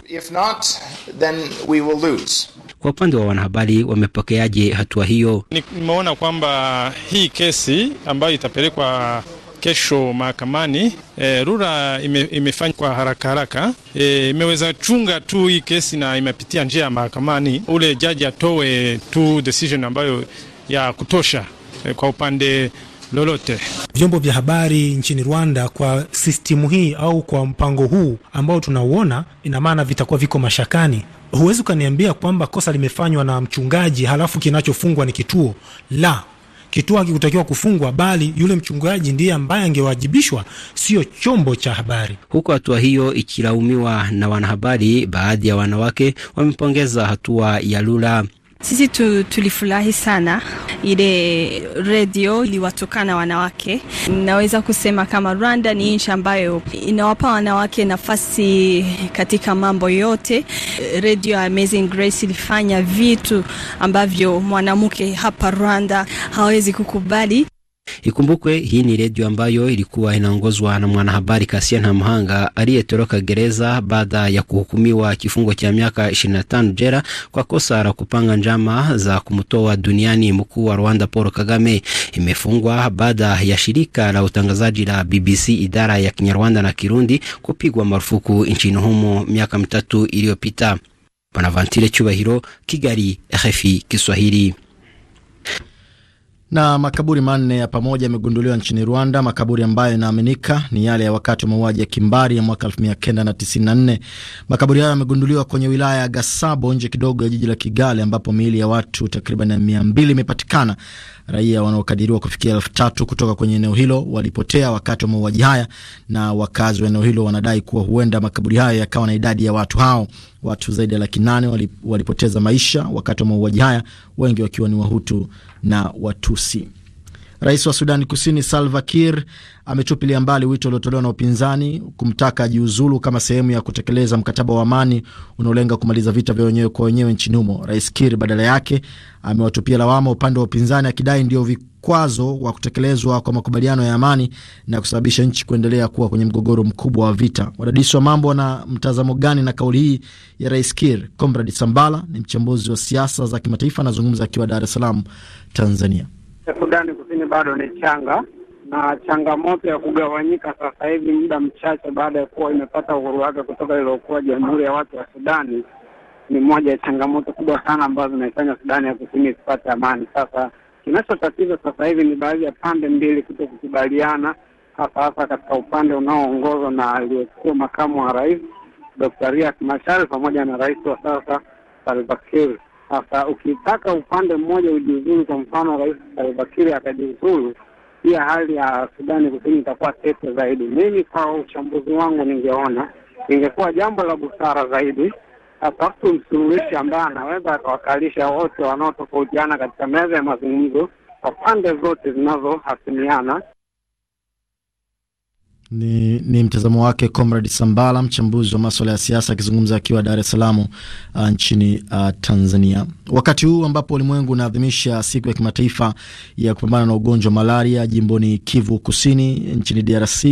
Kwa upande wa wanahabari, wamepokeaje hatua hiyo? Nimeona kwamba hii kesi ambayo itapelekwa kesho mahakamani. E, RURA ime, imefanya kwa haraka haraka e, imeweza chunga tu hii kesi na imepitia njia ya mahakamani, ule jaji atoe tu decision ambayo ya kutosha e, kwa upande lolote. Vyombo vya habari nchini Rwanda kwa sistimu hii au kwa mpango huu ambao tunauona, ina maana vitakuwa viko mashakani. Huwezi ukaniambia kwamba kosa limefanywa na mchungaji halafu kinachofungwa ni kituo la Kituo hakikutakiwa kufungwa, bali yule mchungaji ndiye ambaye angewajibishwa, sio chombo cha habari. Huku hatua hiyo ikilaumiwa na wanahabari, baadhi ya wanawake wamepongeza hatua ya Lula. Sisi tu, tulifurahi sana ile redio iliwatokana wanawake. Naweza kusema kama Rwanda ni nchi ambayo inawapa wanawake nafasi katika mambo yote. Redio ya Amazing Grace ilifanya vitu ambavyo mwanamke hapa Rwanda hawezi kukubali. Ikumbukwe hii ni redio ambayo ilikuwa inaongozwa na mwanahabari Kasia Ntamuhanga aliyetoroka gereza baada ya kuhukumiwa kifungo cha miaka 25 jela kwa kosa la kupanga njama za kumtoa duniani mkuu wa Rwanda Paul Kagame. Imefungwa baada ya shirika la utangazaji la BBC idara ya Kinyarwanda na Kirundi kupigwa marufuku nchini humo miaka mitatu iliyopita. Bonaventure Cyubahiro, Kigali, RFI Kiswahili. Na makaburi manne ya pamoja yamegunduliwa nchini Rwanda, makaburi ambayo yanaaminika ni yale ya wakati wa mauaji ya kimbari ya mwaka 1994. Makaburi hayo yamegunduliwa kwenye wilaya ya Gasabo, nje kidogo ya jiji la Kigali, ambapo miili ya watu takriban 200 imepatikana. Raia wanaokadiriwa kufikia elfu tatu kutoka kwenye eneo hilo walipotea wakati wa mauaji haya, na wakazi wa eneo hilo wanadai kuwa huenda makaburi hayo yakawa na idadi ya watu hao. Watu zaidi ya laki nane walipoteza maisha wakati wa mauaji haya, wengi wakiwa ni Wahutu na Watusi. Rais wa Sudani Kusini Salva Kiir ametupilia mbali wito uliotolewa na upinzani kumtaka ajiuzulu kama sehemu ya kutekeleza mkataba wa amani unaolenga kumaliza vita vya wenyewe kwa wenyewe nchini humo. Rais Kiir badala yake amewatupia lawama upande wa upinzani, akidai ndio vikwazo wa kutekelezwa kwa makubaliano ya amani na kusababisha nchi kuendelea kuwa kwenye mgogoro mkubwa wa vita. Wadadisi wa mambo wana mtazamo gani na kauli hii ya Rais Kiir? Comrade Sambala ni mchambuzi wa siasa za kimataifa, anazungumza akiwa Dar es Salaam Tanzania? Sudani Kusini bado ni changa na changamoto ya kugawanyika sasa hivi muda mchache baada ya kuwa imepata uhuru wake kutoka iliokuwa Jamhuri ya Watu wa Sudani ni moja ya changamoto kubwa sana ambazo zinaifanya Sudani ya Kusini isipate amani. Sasa kinachotatizo sasa hivi ni baadhi ya pande mbili kuto kukubaliana, hasa hasa katika upande unaoongozwa na aliyekuwa makamu wa rais Dr. Riek Machar pamoja na rais wa sasa Salva Kiir. Sasa ukitaka upande mmoja ujiuzuru, kwa mfano Rais Albakiri akajiuzuru, pia hali ya Sudani Kusini itakuwa tete zaidi. Mimi kwa uchambuzi wangu, ningeona ingekuwa jambo la busara zaidi atafute msuluhishi ambaye anaweza akawakalisha wote wanaotofautiana katika meza ya mazungumzo kwa pande zote zinazohasimiana. Ni, ni mtazamo wake Comrade Sambala, mchambuzi wa maswala ya siasa akizungumza akiwa Dar es Salaam uh, nchini uh, Tanzania. Wakati huu ambapo ulimwengu unaadhimisha siku ya kimataifa ya kupambana na ugonjwa wa malaria jimboni Kivu Kusini nchini DRC,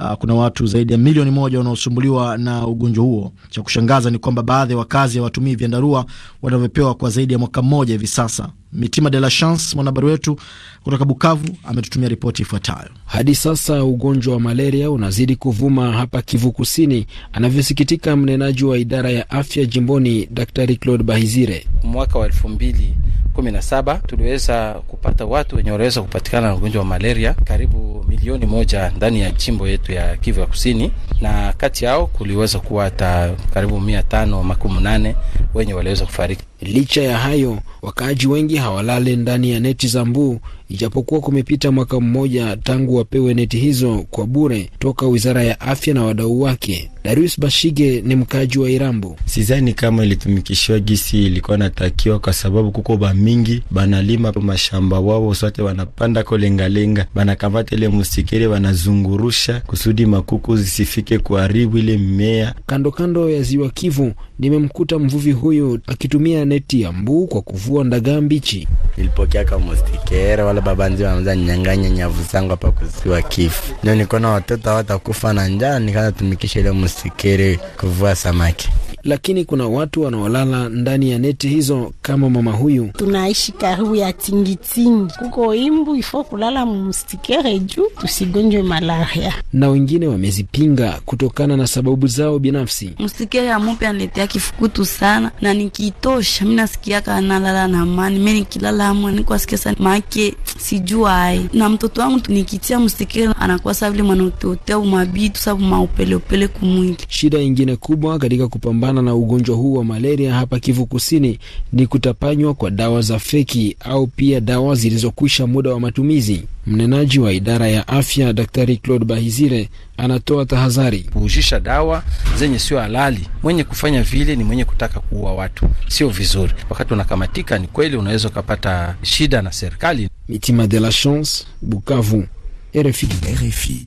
uh, kuna watu zaidi ya milioni moja wanaosumbuliwa na ugonjwa huo. Cha kushangaza ni kwamba baadhi ya wakazi hawatumii vyandarua wanavyopewa kwa zaidi ya mwaka mmoja hivi sasa. Mitima de la Chance, mwanahabari wetu kutoka Bukavu, ametutumia ripoti ifuatayo. Hadi sasa ugonjwa wa malaria unazidi kuvuma hapa Kivu Kusini, anavyosikitika mnenaji wa idara ya afya jimboni, Daktari Claude Bahizire. Mwaka wa elfu mbili kumi na saba tuliweza kupata watu wenye waliweza kupatikana na ugonjwa wa malaria karibu milioni moja ndani ya jimbo yetu ya Kivu ya Kusini, na kati yao kuliweza kuwa hata karibu mia tano makumi nane wenye waliweza kufariki. Licha ya hayo, wakaaji wengi hawalale ndani ya neti za mbu, ijapokuwa kumepita mwaka mmoja tangu wapewe neti hizo kwa bure toka wizara ya afya na wadau wake. Darius Bashige ni mkaaji wa Irambo. Sizani kama ilitumikishiwa gisi ilikuwa natakiwa, kwa sababu kuko mingi banalima mashamba wao sote wanapanda kolengalenga, banakamata ile musikere wanazungurusha kusudi makuku zisifike kuharibu ile mimea kando kando ya ziwa Kivu. Nimemkuta mvuvi huyu akitumia neti ya mbu kwa kuvua ndagaa mbichi. Nilipokea kama mustikere wala babanzi wanza nyang'anya nyavu zangu hapa kuziwa kifu. Ndio nikona watoto hawatakufa na njaa, nikaanza tumikisha ile mustikere kuvua samaki lakini kuna watu wanaolala ndani ya neti hizo, kama mama huyu. Tunaishi karibu ya tingitingi, kuko imbu ifo kulala mustikere juu tusigonjwe malaria. Na wengine wamezipinga kutokana na sababu zao binafsi. Mustikere ya mupe aniletea kifukutu sana, na nikitosha mi nasikiaka nalala na amani. Mi nikilala amwa nikwasikia sana make sijua na mtoto wangu nikitia mstikere anakuwa saa vile mwanauteotea umabitu sabu maupeleupele kumwingi. Shida ingine kubwa katika kupambana kupambana na ugonjwa huu wa malaria hapa Kivu Kusini ni kutapanywa kwa dawa za feki au pia dawa zilizokwisha muda wa matumizi. Mnenaji wa idara ya afya Daktari Claude Bahizire anatoa tahadhari kuhushisha dawa zenye sio halali. Mwenye kufanya vile ni mwenye kutaka kuua watu, sio vizuri. Wakati unakamatika, ni kweli unaweza ukapata shida na serikali. Mitima de la Chance, Bukavu, RFI. RFI.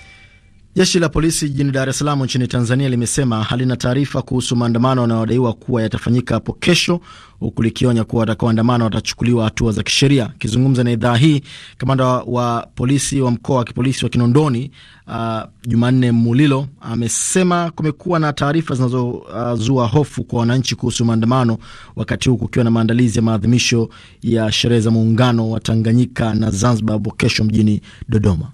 Jeshi la polisi jijini Dar es Salaam nchini Tanzania limesema halina taarifa kuhusu maandamano yanayodaiwa kuwa yatafanyika hapo kesho, huku likionya kuwa watakaoandamana watachukuliwa hatua za kisheria. Akizungumza na idhaa hii, kamanda wa polisi wa mkoa wa kipolisi wa Kinondoni uh, Jumanne Mulilo amesema kumekuwa na taarifa zinazozua uh, hofu kwa wananchi kuhusu maandamano, wakati huu kukiwa na maandalizi ya maadhimisho ya sherehe za muungano wa Tanganyika na Zanzibar hapo kesho mjini Dodoma.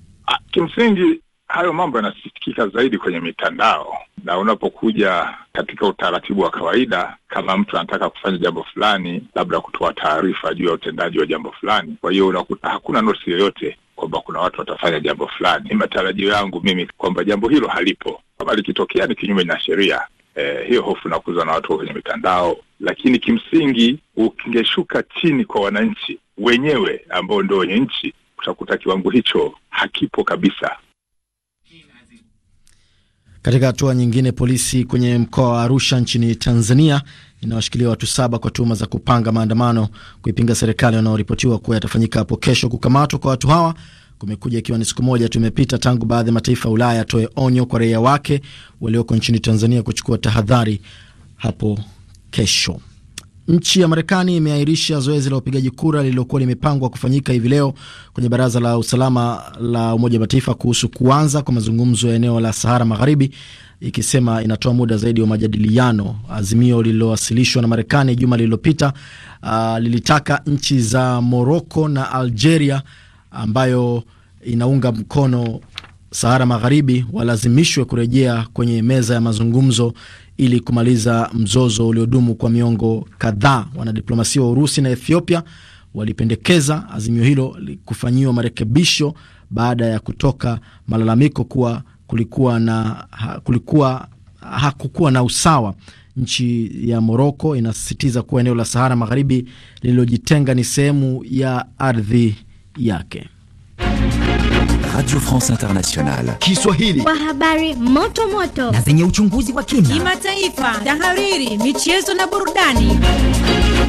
Kimsingi hayo mambo yanasikika zaidi kwenye mitandao, na unapokuja katika utaratibu wa kawaida, kama mtu anataka kufanya jambo fulani, labda kutoa taarifa juu ya utendaji wa jambo fulani, kwa hiyo unakuta hakuna notisi yoyote kwamba kuna watu watafanya jambo fulani. Ni matarajio yangu mimi kwamba jambo hilo halipo, kama likitokea ni kinyume na sheria. Eh, hiyo hofu inakuzwa na watu kwenye mitandao, lakini kimsingi ukingeshuka chini kwa wananchi wenyewe ambao ndio wenye nchi, utakuta kiwango hicho hakipo kabisa. Katika hatua nyingine, polisi kwenye mkoa wa Arusha nchini Tanzania inawashikilia watu saba kwa tuhuma za kupanga maandamano kuipinga serikali wanaoripotiwa kuwa yatafanyika hapo kesho. Kukamatwa kwa watu hawa kumekuja ikiwa ni siku moja tumepita tangu baadhi ya mataifa ya Ulaya yatoe onyo kwa raia wake walioko nchini Tanzania kuchukua tahadhari hapo kesho. Nchi ya Marekani imeahirisha zoezi la upigaji kura lililokuwa limepangwa kufanyika hivi leo kwenye Baraza la Usalama la Umoja Mataifa kuhusu kuanza kwa mazungumzo ya eneo la Sahara Magharibi, ikisema inatoa muda zaidi wa majadiliano. Azimio lililowasilishwa na Marekani juma lililopita uh, lilitaka nchi za Moroko na Algeria ambayo inaunga mkono Sahara Magharibi walazimishwe kurejea kwenye meza ya mazungumzo ili kumaliza mzozo uliodumu kwa miongo kadhaa. Wanadiplomasia wa Urusi na Ethiopia walipendekeza azimio hilo kufanyiwa marekebisho baada ya kutoka malalamiko kuwa kulikuwa na, kulikuwa, hakukuwa na usawa. Nchi ya Moroko inasisitiza kuwa eneo la Sahara Magharibi lililojitenga ni sehemu ya ardhi yake. Radio France Internationale. Kiswahili. Kwa habari moto moto na zenye uchunguzi wa kina, kimataifa, tahariri, michezo na burudani.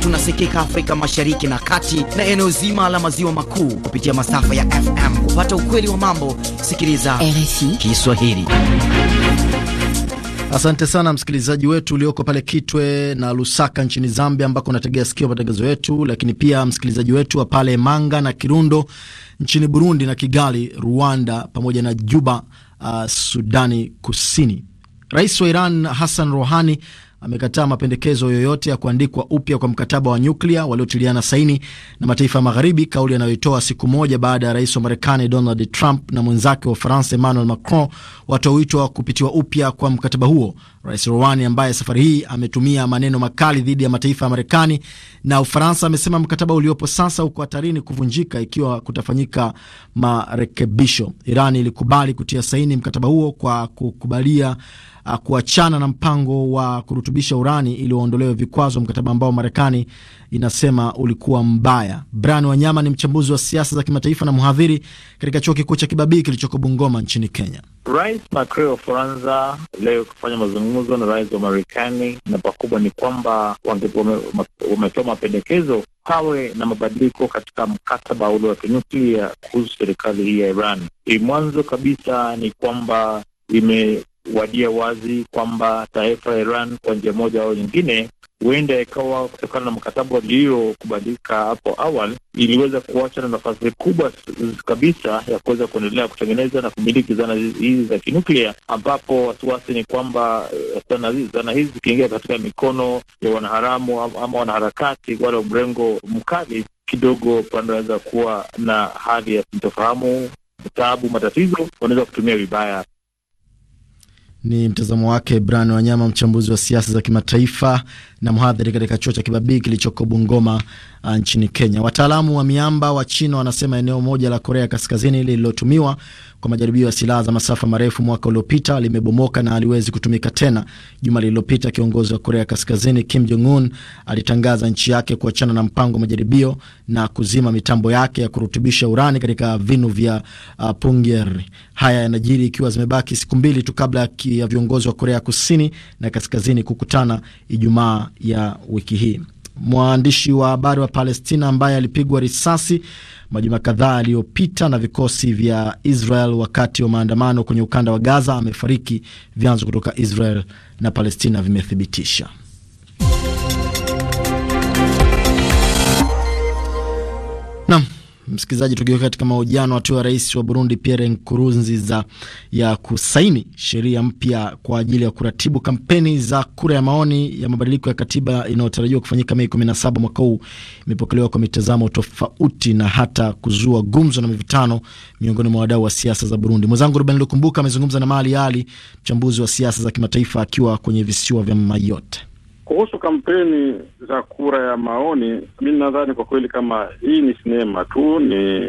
Tunasikika Afrika Mashariki na Kati na eneo zima la Maziwa Makuu kupitia masafa ya FM. Kupata ukweli wa mambo, sikiliza RFI Kiswahili. Asante sana msikilizaji wetu ulioko pale Kitwe na Lusaka nchini Zambia, ambako unategea sikio matangazo yetu, lakini pia msikilizaji wetu wa pale Manga na Kirundo nchini Burundi na Kigali, Rwanda pamoja na Juba, uh, Sudani Kusini. Rais wa Iran Hassan Rohani amekataa mapendekezo yoyote ya kuandikwa upya kwa mkataba wa nyuklia waliotiliana saini na mataifa ya Magharibi, kauli anayoitoa siku moja baada ya rais wa Marekani Donald Trump na mwenzake wa Ufaransa Emmanuel Macron watoa wito wa kupitiwa upya kwa mkataba huo Rais Rouhani ambaye safari hii ametumia maneno makali dhidi ya mataifa ya Marekani na Ufaransa amesema mkataba uliopo sasa uko hatarini kuvunjika ikiwa kutafanyika marekebisho. Iran ilikubali kutia saini mkataba huo kwa kukubalia uh, kuachana na mpango wa kurutubisha urani ili waondolewe vikwazo, mkataba ambao Marekani inasema ulikuwa mbaya. Brian Wanyama ni mchambuzi wa siasa za kimataifa na mhadhiri katika chuo kikuu cha Kibabii kilichoko Bungoma nchini Kenya. Rais Macron wa Ufaransa leo kufanya mazungumzo na rais wa Marekani, na pakubwa ni kwamba wametoa mapendekezo pawe na mabadiliko katika mkataba ule wa kinuklia kuhusu serikali hii ya Iran. Mwanzo kabisa ni kwamba ime wadia wazi kwamba taifa ya Iran kwa njia moja au nyingine huenda ikawa kutokana na mkataba waliokubalika hapo awali, iliweza kuacha na nafasi kubwa kabisa ya kuweza kuendelea kutengeneza na kumiliki zana hizi za kinuklia, ambapo wasiwasi ni kwamba eh, zana hizi zikiingia katika mikono ya wanaharamu ama wanaharakati wale wa mrengo mkali, kidogo panaweza kuwa na hali ya sintofahamu, taabu, matatizo, wanaweza kutumia vibaya. Ni mtazamo wake Brian Wanyama, mchambuzi wa siasa za kimataifa na mhadhiri katika chuo cha Kibabii kilichoko Bungoma uh, nchini Kenya. Wataalamu wa miamba wa China wanasema eneo moja la Korea Kaskazini lililotumiwa kwa majaribio ya silaha za masafa marefu mwaka uliopita limebomoka na haliwezi kutumika tena. Juma lililopita kiongozi wa Korea Kaskazini Kim Jong Un alitangaza nchi yake kuachana na mpango wa majaribio na kuzima mitambo yake ya kurutubisha urani katika vinu vya uh, Punggye. Haya yanajiri ikiwa zimebaki siku mbili tu kabla ya viongozi wa Korea Kusini na Kaskazini kukutana Ijumaa ya wiki hii. Mwandishi wa habari wa Palestina ambaye alipigwa risasi majuma kadhaa yaliyopita na vikosi vya Israel wakati wa maandamano kwenye ukanda wa Gaza amefariki, vyanzo kutoka Israel na Palestina vimethibitisha. Msikilizaji, tugeuka katika mahojiano. Hatua ya rais wa Burundi Pierre Nkurunziza ya kusaini sheria mpya kwa ajili ya kuratibu kampeni za kura ya maoni ya mabadiliko ya katiba inayotarajiwa kufanyika Mei 17 mwaka huu imepokelewa kwa mitazamo tofauti na hata kuzua gumzo na mivutano miongoni mwa wadau wa siasa za Burundi. Mwenzangu Ruben Lukumbuka amezungumza na Mali Ali, mchambuzi wa siasa za kimataifa, akiwa kwenye visiwa vya Mayotte. Kuhusu kampeni za kura ya maoni, mi nadhani kwa kweli kama hii ni sinema tu, ni,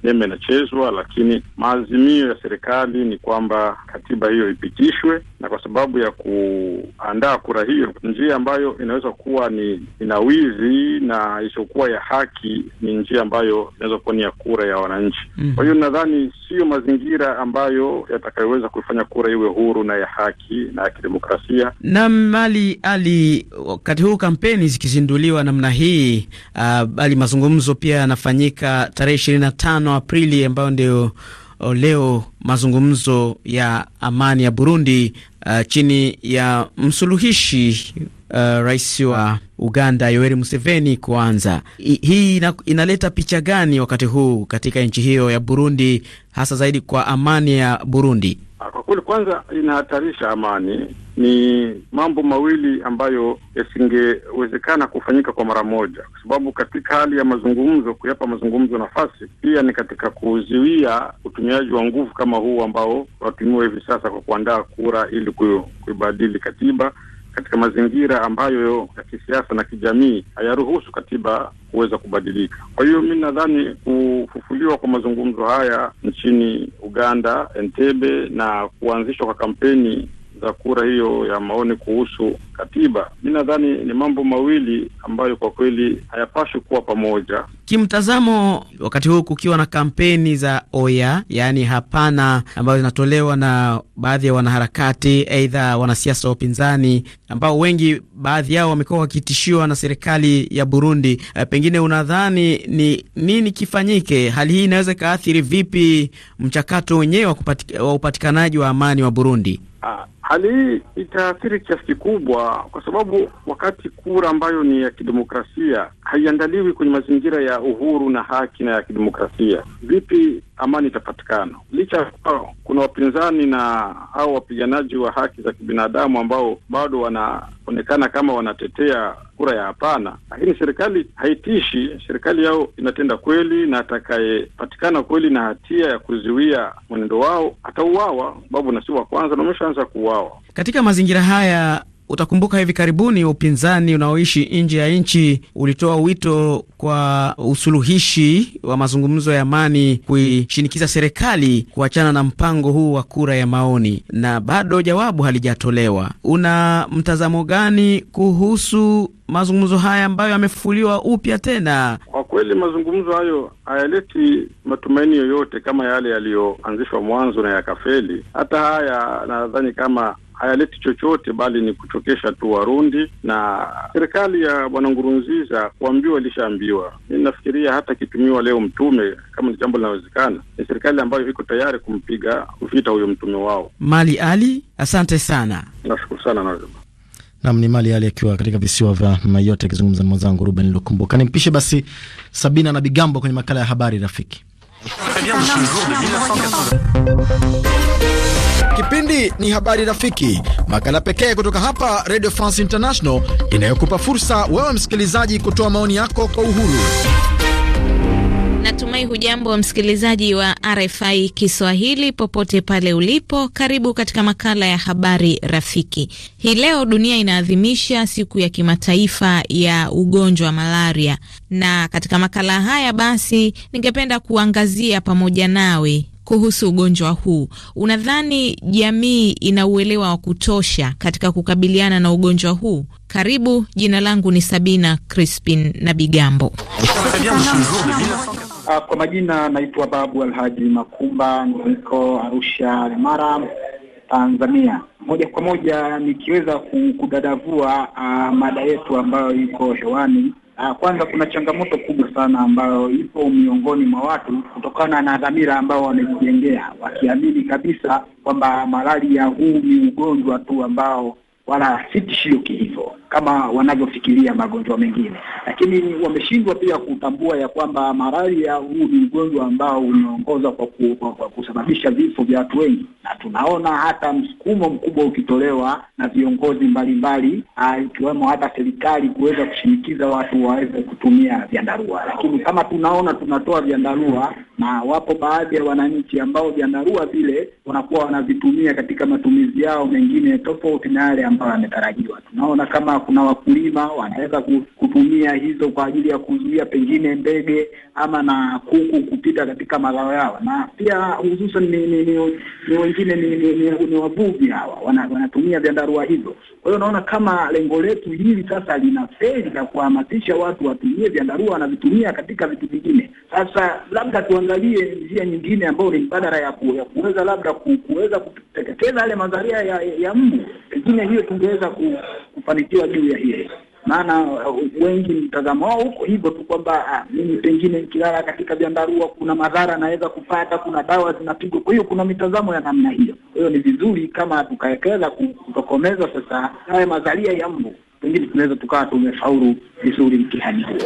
sinema inachezwa, lakini maazimio ya serikali ni kwamba katiba hiyo ipitishwe, na kwa sababu ya kuandaa kura hiyo, njia ambayo inaweza kuwa ni inawizi na isiyokuwa ya haki ni njia ambayo inaweza kuwa ni ya kura ya wananchi. Mm-hmm. Kwa hiyo nadhani siyo mazingira ambayo yatakayoweza kuifanya kura iwe huru na ya haki na ya kidemokrasia. Naam, Ali Ali wakati, huu kampeni zikizinduliwa namna hii uh, bali mazungumzo pia yanafanyika tarehe ishirini na tano Aprili ambayo ndio uh, leo mazungumzo ya amani ya Burundi uh, chini ya msuluhishi uh, rais wa Uganda Yoweri Museveni kuanza. hii ina, inaleta picha gani wakati huu katika nchi hiyo ya Burundi hasa zaidi kwa amani ya Burundi? Ah, kwa kweli, kwanza inahatarisha amani. Ni mambo mawili ambayo yasingewezekana kufanyika kwa mara moja, kwa sababu katika hali ya mazungumzo, kuyapa mazungumzo nafasi, pia ni katika kuzuia utumiaji wa nguvu kama huu ambao watumiwa hivi sasa kwa kuandaa kura ili kuibadili katiba katika mazingira ambayo ya kisiasa na kijamii hayaruhusu katiba kuweza kubadilika. Kwa hiyo mi nadhani kufufuliwa kwa mazungumzo haya nchini Uganda, Entebbe, na kuanzishwa kwa kampeni za kura hiyo ya maoni kuhusu katiba. Mi nadhani ni mambo mawili ambayo kwa kweli hayapaswi kuwa pamoja kimtazamo, wakati huu kukiwa na kampeni za oya, yaani hapana, ambazo zinatolewa na baadhi ya wanaharakati, aidha wanasiasa wa upinzani, ambao wengi baadhi yao wamekuwa wakitishiwa na serikali ya Burundi. E, pengine unadhani ni nini kifanyike? Hali hii inaweza ikaathiri vipi mchakato wenyewe wa upatikanaji wa amani wa Burundi? Ha, ah, hali hii itaathiri kiasi kikubwa kwa sababu wakati kura ambayo ni ya kidemokrasia haiandaliwi kwenye mazingira ya uhuru na haki na ya kidemokrasia, vipi amani itapatikana? Licha ya kuwa kuna wapinzani na au wapiganaji wa haki za kibinadamu ambao bado wanaonekana kama wanatetea kura ya hapana, lakini serikali haitishi. Serikali yao inatenda kweli, na atakayepatikana kweli na hatia ya kuzuia mwenendo wao atauawa, babu na si wa kwanza na kuuawa katika mazingira haya Utakumbuka hivi karibuni upinzani unaoishi nje ya nchi ulitoa wito kwa usuluhishi wa mazungumzo ya amani kuishinikiza serikali kuachana na mpango huu wa kura ya maoni, na bado jawabu halijatolewa. Una mtazamo gani kuhusu mazungumzo haya ambayo yamefufuliwa upya tena? Kwa kweli mazungumzo hayo hayaleti matumaini yoyote kama yale yaliyoanzishwa mwanzo na yakafeli. Hata haya nadhani kama hayaleti chochote bali ni kuchokesha tu Warundi na serikali ya bwana Ngurunziza. Kuambiwa ilishaambiwa. Mi nafikiria hata akitumiwa leo mtume, kama ni jambo linawezekana, ni serikali ambayo iko tayari kumpiga vita huyo mtume wao. Mali Ali, asante sana, nashukuru sana na nam ni Mali Ali akiwa katika visiwa vya Mayote akizungumza na mwenzangu Ruben Lukumbuka. Nimpishe basi Sabina na Bigambo kwenye makala ya habari rafiki Kipindi ni Habari Rafiki, makala pekee kutoka hapa Radio France International inayokupa fursa wewe msikilizaji kutoa maoni yako kwa uhuru. Natumai hujambo msikilizaji wa RFI Kiswahili popote pale ulipo. Karibu katika makala ya habari rafiki. Hii leo dunia inaadhimisha siku ya kimataifa ya ugonjwa wa malaria, na katika makala haya basi ningependa kuangazia pamoja nawe kuhusu ugonjwa huu. Unadhani jamii ina uelewa wa kutosha katika kukabiliana na ugonjwa huu? Karibu, jina langu ni Sabina Crispin na Bigambo. Ah, kwa majina naitwa Babu Alhaji Makumba, niko Arusha Mara, Tanzania. Moja kwa moja nikiweza kudadavua uh, mada yetu ambayo iko hewani Ah, kwanza kuna changamoto kubwa sana ambayo ipo miongoni mwa watu kutokana na dhamira ambao wamejijengea, wakiamini kabisa kwamba malaria huu ni ugonjwa tu ambao wala si hivyo kama wanavyofikiria magonjwa mengine, lakini wameshindwa pia kutambua ya kwamba malaria huu ni ugonjwa ambao unaongoza kwa, ku, kwa, kwa kusababisha vifo vya watu wengi, na tunaona hata msukumo mkubwa ukitolewa na viongozi mbalimbali ah, ikiwemo hata serikali kuweza kushinikiza watu waweze kutumia vyandarua, lakini kama tunaona tunatoa vyandarua na wapo baadhi ya wananchi ambao vyandarua vile wanakuwa wanavitumia katika matumizi yao mengine tofauti na yale ambayo yametarajiwa. Tunaona kama kuna wakulima wanaweza kutumia hizo kwa ajili ya kuzuia pengine ndege ama na kuku kupita katika mazao yao, na pia hususan ni ni ni wengine ni, ni, ni, ni, wavuvi hawa wana, wanatumia vyandarua hivyo. Kwa hiyo naona kama lengo letu hili sasa linafeli la kuhamasisha watu watumie vyandarua, wanavitumia katika vitu vingine. Sasa labda tuangalie njia nyingine ambayo ni mbadala ya kuweza labda kuweza kuteketeza yale madharia ya, ya mbu. Pengine hiyo tungeweza kufanikiwa juu ya hiyo, maana uh, wengi mtazamo wao huko hivyo tu kwamba ah, mimi pengine nikilala katika vyandarua kuna madhara naweza kupata, kuna dawa zinapigwa. Kwa hiyo kuna mitazamo ya namna hiyo. Kwa hiyo ni vizuri kama tukawekeza kutokomeza sasa haya madharia ya mbu pengine tunaweza tukawa tumefaulu vizuri mtihani huo.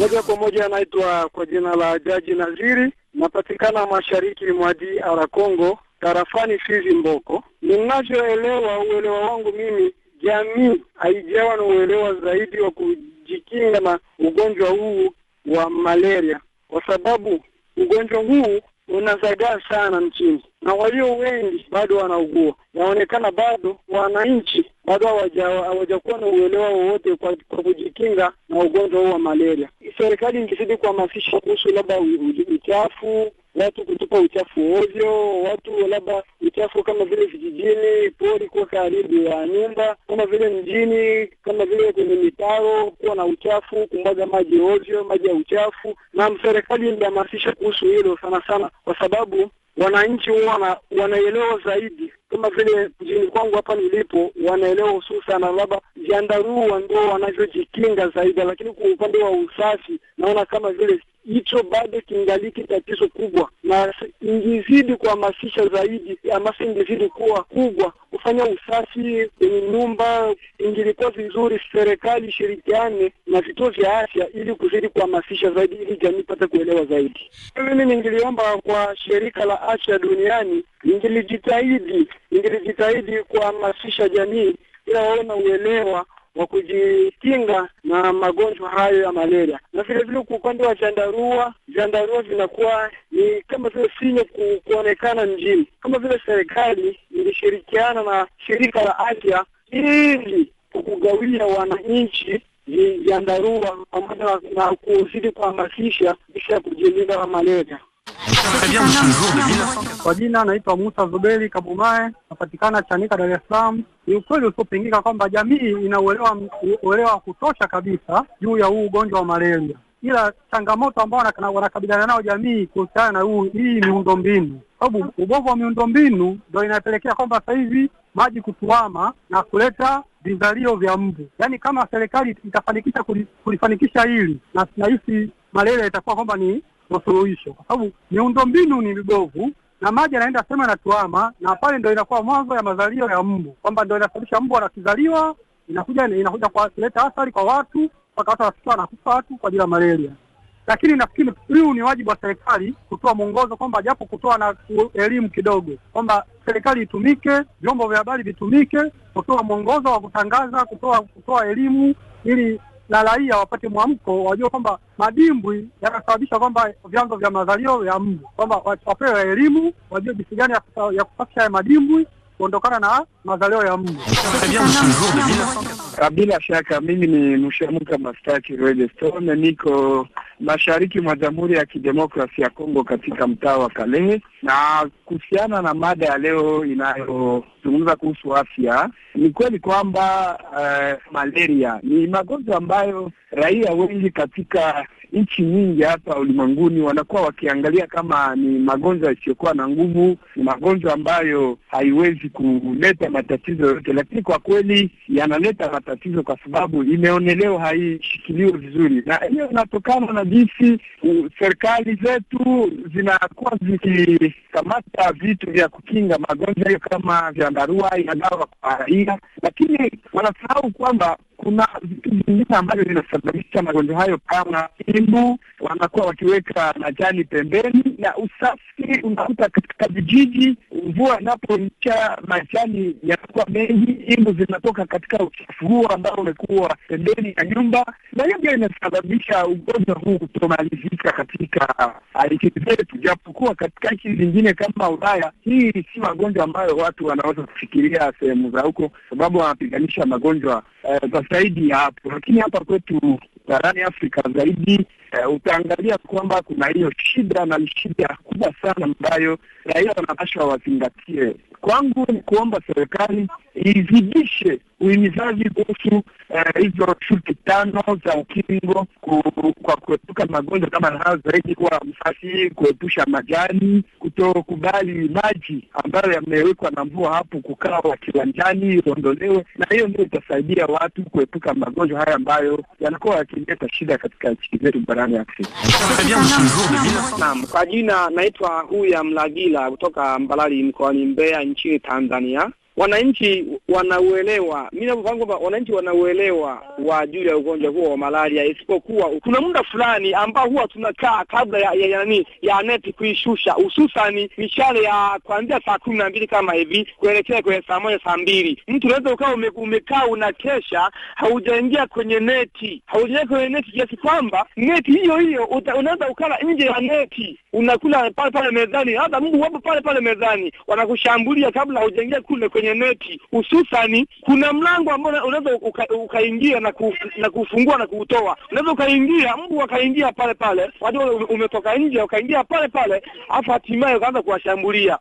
Moja kwa moja, anaitwa kwa jina la Jaji Naziri, napatikana mashariki mwa DR Congo, tarafani Fizi Mboko. Ninavyoelewa, uelewa wangu mimi, jamii haijawa na uelewa zaidi wa kujikinga na ugonjwa huu wa malaria, kwa sababu ugonjwa huu unasaidia sana nchini, na walio wengi bado wanaugua. Yaonekana bado wananchi bado hawajakuwa na uelewa wowote kwa, kwa kujikinga na ugonjwa huu wa malaria. Serikali ingizidi kuhamasisha kuhusu labda uchafu watu kutupa uchafu ovyo, watu labda uchafu kama vile vijijini, pori kuwa karibu ya nyumba, kama vile mjini, kama vile kwenye mitaro kuwa na uchafu, kumwaga maji ovyo, maji ya uchafu. Na serikali imehamasisha kuhusu hilo sana sana, kwa sababu wananchi wana wanaelewa zaidi. Kama vile mjini kwangu hapa nilipo, wanaelewa hususan labda vyandarua ndio wanavyojikinga zaidi, lakini kwa upande wa usafi naona kama vile hicho bado kingaliki tatizo kubwa, na ingizidi kuhamasisha zaidi, hamasa ingizidi kuwa kubwa, kufanya usafi kwenye nyumba. Ingilikuwa vizuri serikali ishirikiane na vituo vya afya ili kuzidi kuhamasisha zaidi, ili jamii ipate kuelewa zaidi. Mimi ningiliomba kwa shirika la afya duniani, ningilijitahidi ningilijitahidi kuhamasisha jamii, ila waona uelewa wa kujikinga na magonjwa hayo ya malaria. Na vile vile kwa upande wa chandarua, vyandarua vinakuwa ni kama vile sinye ku, kuonekana mjini, kama vile serikali ilishirikiana na shirika la afya ili kugawia wananchi vyandarua pamoja na kuzidi kuhamasisha ya kujilinda na malaria. Kwa jina naitwa Musa Zuberi Kabumae, napatikana Chanika, Dar es Salaam. Ni ukweli usiopingika kwamba jamii ina uelewa wa kutosha kabisa juu ya huu ugonjwa wa malaria, ila changamoto ambao wanakabiliana nao jamii kuhusiana na huu hii mbinu, sababu ubovu wa miundo mbinu ndio inapelekea kwamba sasa hivi maji kutuama na kuleta vizalio vya mbu. Yaani, kama serikali itafanikisha kulifanikisha hili na nahisi malaria itakuwa kwamba ni wasuluhisho, kwa sababu mbinu ni mibovu na maji anaenda sema yanatuama, na pale ndo inakuwa mwanzo ya mazalio ya mbu, kwamba ndo inasababisha mbu anakizaliwa, inakuja inakuja kuleta athari kwa watu mpaka watu wanafika wanakufa watu kwa ajili ya malaria. Lakini nafikiri huu ni wajibu wa serikali kutoa mwongozo, kwamba japo kutoa na elimu kidogo, kwamba serikali itumike, vyombo vya habari vitumike kutoa mwongozo wa kutangaza, kutoa kutoa elimu ili na raia wapate mwamko, wajua kwamba madimbwi yanasababisha kwamba vyanzo vya mazalio ya mbu, kwamba wapewe elimu, wajue jinsi gani ya kusafisha haya madimbwi kuondokana na mazalio ya mbu. Bila shaka mimi ni Mushamuka Mastaki Redstone, niko mashariki mwa Jamhuri ya Kidemokrasia ya Kongo katika mtaa wa Kalehe. Na kuhusiana na mada ya leo inayozungumza kuhusu afya, ni kweli kwamba uh, malaria ni magonjwa ambayo raia wengi katika nchi nyingi hapa ulimwenguni wanakuwa wakiangalia kama ni magonjwa yasiyokuwa na nguvu, ni magonjwa ambayo haiwezi kuleta matatizo yoyote, lakini kwa kweli yanaleta matatizo kwa sababu imeonelewa haishikiliwe vizuri, na hiyo inatokana na jinsi serikali zetu zinakuwa zikikamata vitu vya kukinga magonjwa hiyo kama vyandarua ya dawa kwa raia, lakini wanasahau kwamba kuna vitu vingine ambavyo vinasababisha magonjwa hayo kama imbu, wanakuwa wakiweka majani pembeni, na usafi unakuta katika vijiji, mvua inapoisha majani yanakuwa mengi, imbu zinatoka katika uchafu huo ambao umekuwa pembeni ya nyumba, na hiyo ndio inasababisha ugonjwa huu kutomalizika katika ah, nchi zetu, japokuwa katika nchi zingine kama Ulaya hii si magonjwa ambayo watu wanaweza kufikiria sehemu za huko, sababu wanapiganisha magonjwa eh, zaidi ya hapo, lakini hapa kwetu barani Afrika zaidi uh, utaangalia kwamba kuna hiyo shida na ni shida kubwa sana ambayo raia wanapashwa wazingatie. Kwangu ni kuomba serikali izidishe uhimizaji kuhusu eh, hizo uh, shuti tano za ukingo ku, kwa kuepuka magonjwa kama hayo, zaidi kuwa msafi, kuepusha majani, kutokubali maji ambayo yamewekwa na mvua hapo kukaa wakiwanjani iondolewe, na hiyo ndio itasaidia watu kuepuka magonjwa haya ambayo yanakuwa yakileta shida katika nchi zetu barani Afrika. Naam, kwa jina naitwa Huya Mlagila kutoka Mbalali mkoani Mbeya nchini Tanzania wananchi wanauelewa, mi navyofahamu kwamba wananchi wanauelewa wa juu ya ugonjwa huo wa malaria, isipokuwa kuna muda fulani ambao huwa tunakaa kabla ya ya, ya, ya neti kuishusha, hususani mishale ya kuanzia saa kumi na mbili kama hivi kuelekea kwenye saa moja saa mbili mtu unaweza ukawa ume, umekaa unakesha, haujaingia kwenye neti, haujaingia kwenye neti kiasi kwamba neti hiyo hiyo unaweza ukala nje ya neti, unakula pale pale mezani, hata mbu wapo pale pale mezani wanakushambulia kabla haujaingia kule kwenye kwenye neti, hususani kuna mlango ambao unaweza ukaingia uka na, ku, na kufungua na kuutoa. Unaweza ukaingia mbu akaingia pale pale, wajua umetoka nje ukaingia pale pale, alafu hatimaye ukaanza kuwashambulia.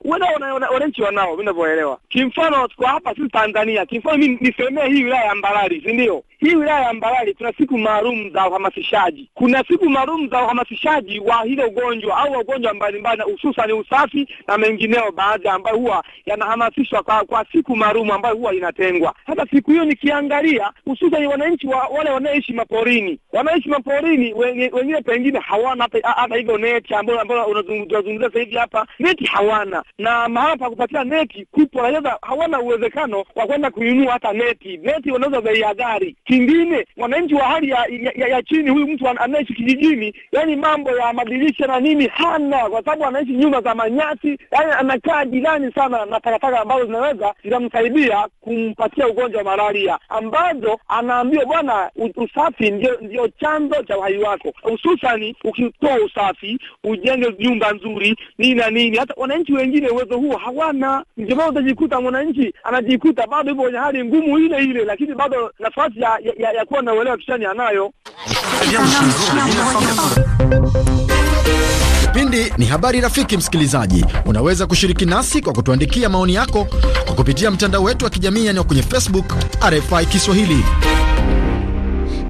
Wananchi wanao, mi navyoelewa, kimfano tuko hapa sisi Tanzania, kimfano mi nisemee hii wilaya ya Mbarali, si ndio? Hii wilaya ya Mbarali tuna siku maalum za uhamasishaji. Kuna siku maalum za uhamasishaji wa hilo ugonjwa au wagonjwa mbalimbali, ni usafi na mengineo, baadhi ambayo huwa yanahamasishwa kwa, kwa siku maalum ambayo huwa inatengwa. Hata siku hiyo nikiangalia, hususan wananchi wa, wale wanaishi maporini, wanaishi maporini wengine pengine hawana hata hivyo neti ambayo ambayo unazungumzia sasa hivi hapa, neti hawana, na mahala pa kupatia neti kupo, hawana uwezekano wa kwenda kuinua hata neti. Neti wanaweza bei ya gari. Kingine, wananchi wa hali ya, ya, ya chini, huyu mtu anaishi kijijini, yani mambo ya madirisha na nini hana, kwa sababu anaishi nyumba za manyasi, yani anakaa jirani sana na takataka ambazo zinaweza zitamsaidia kumpatia ugonjwa wa malaria, ambazo anaambiwa bwana, usafi ndio ndio chanzo cha uhai wako, hususani ukitoa usafi ujenge nyumba nzuri nini na nini. Hata wananchi wengine uwezo huo hawana, ndio utajikuta mwananchi anajikuta bado yupo kwenye hali ngumu ile ile, lakini bado nafasi ya ya, ya, kuwa na uelewa kishani anayo Kipindi ni habari rafiki. Msikilizaji, unaweza kushiriki nasi kwa kutuandikia maoni yako kwa kupitia mtandao wetu wa kijamii, yani kwenye Facebook RFI Kiswahili.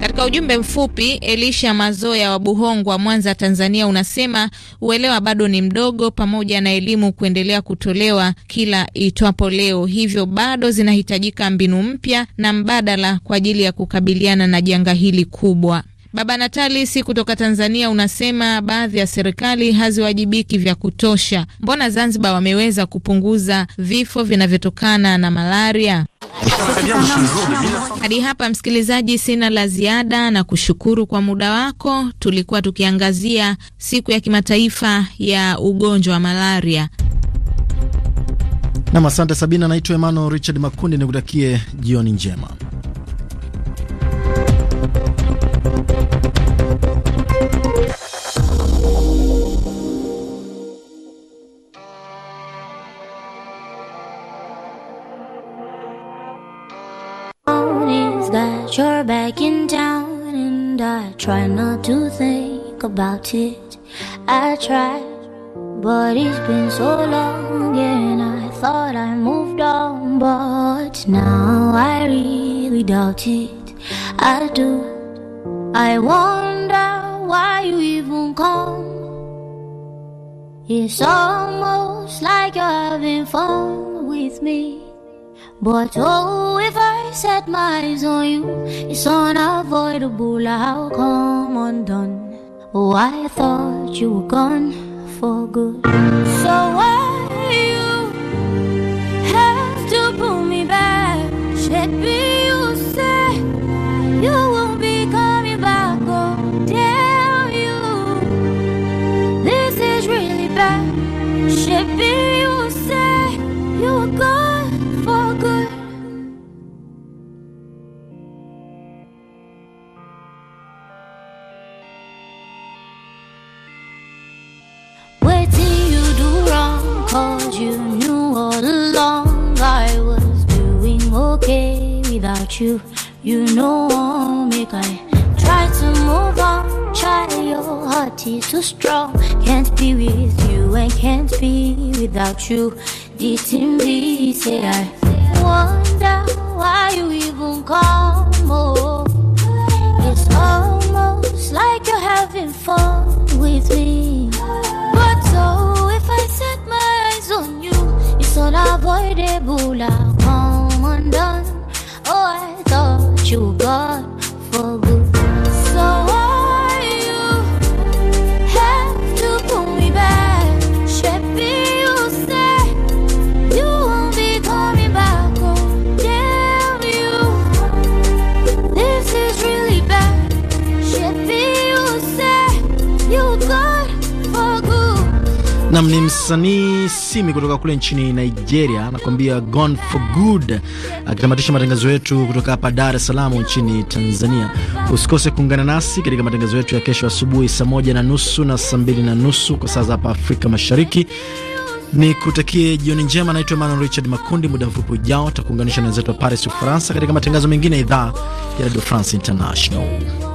Katika ujumbe mfupi, Elisha Mazoya wa Buhongwa, Mwanza, Tanzania, unasema uelewa bado ni mdogo, pamoja na elimu kuendelea kutolewa kila itwapo leo, hivyo bado zinahitajika mbinu mpya na mbadala kwa ajili ya kukabiliana na janga hili kubwa. Baba Natalisi kutoka Tanzania unasema baadhi ya serikali haziwajibiki vya kutosha. Mbona Zanzibar wameweza kupunguza vifo vinavyotokana na malaria? Hadi hapa msikilizaji, sina la ziada na kushukuru kwa muda wako. Tulikuwa tukiangazia siku ya kimataifa ya ugonjwa wa malaria. Nam, asante Sabina. Naitwa Emmanuel Richard Makundi, nikutakie jioni njema. you're back in town and I try not to think about it. I tried, but it's been so long and I thought I moved on, but now I really doubt it. I do. I wonder why you even come. It's almost like you're having fun with me. But oh, if I set my eyes on you, it's unavoidable. I'll come undone. Oh, I thought you were gone for good. So why you have to pull me back? Should be you say you won't be coming back. Oh, damn you, this is really bad. Should be. You know me, I Try to move on. Try your heart is too strong. Can't be with you and can't be without you. This in me, say I wonder why you even come. Oh, it's almost like you're having fun with me. But so if I set my eyes on you, it's unavoidable. Love. 如果。Nam ni msanii Simi kutoka kule nchini Nigeria, anakuambia gone for good, akitamatisha matangazo yetu kutoka hapa Dar es Salaam nchini Tanzania. Usikose kuungana nasi katika matangazo yetu ya kesho asubuhi saa moja na nusu na saa mbili na nusu kwa saa za hapa Afrika Mashariki. Ni kutakie jioni njema. Naitwa Emmanuel Richard Makundi. Muda mfupi ujao takuunganisha na wenzetu wa Paris, Ufaransa, katika matangazo mengine ya idhaa ya Radio France International.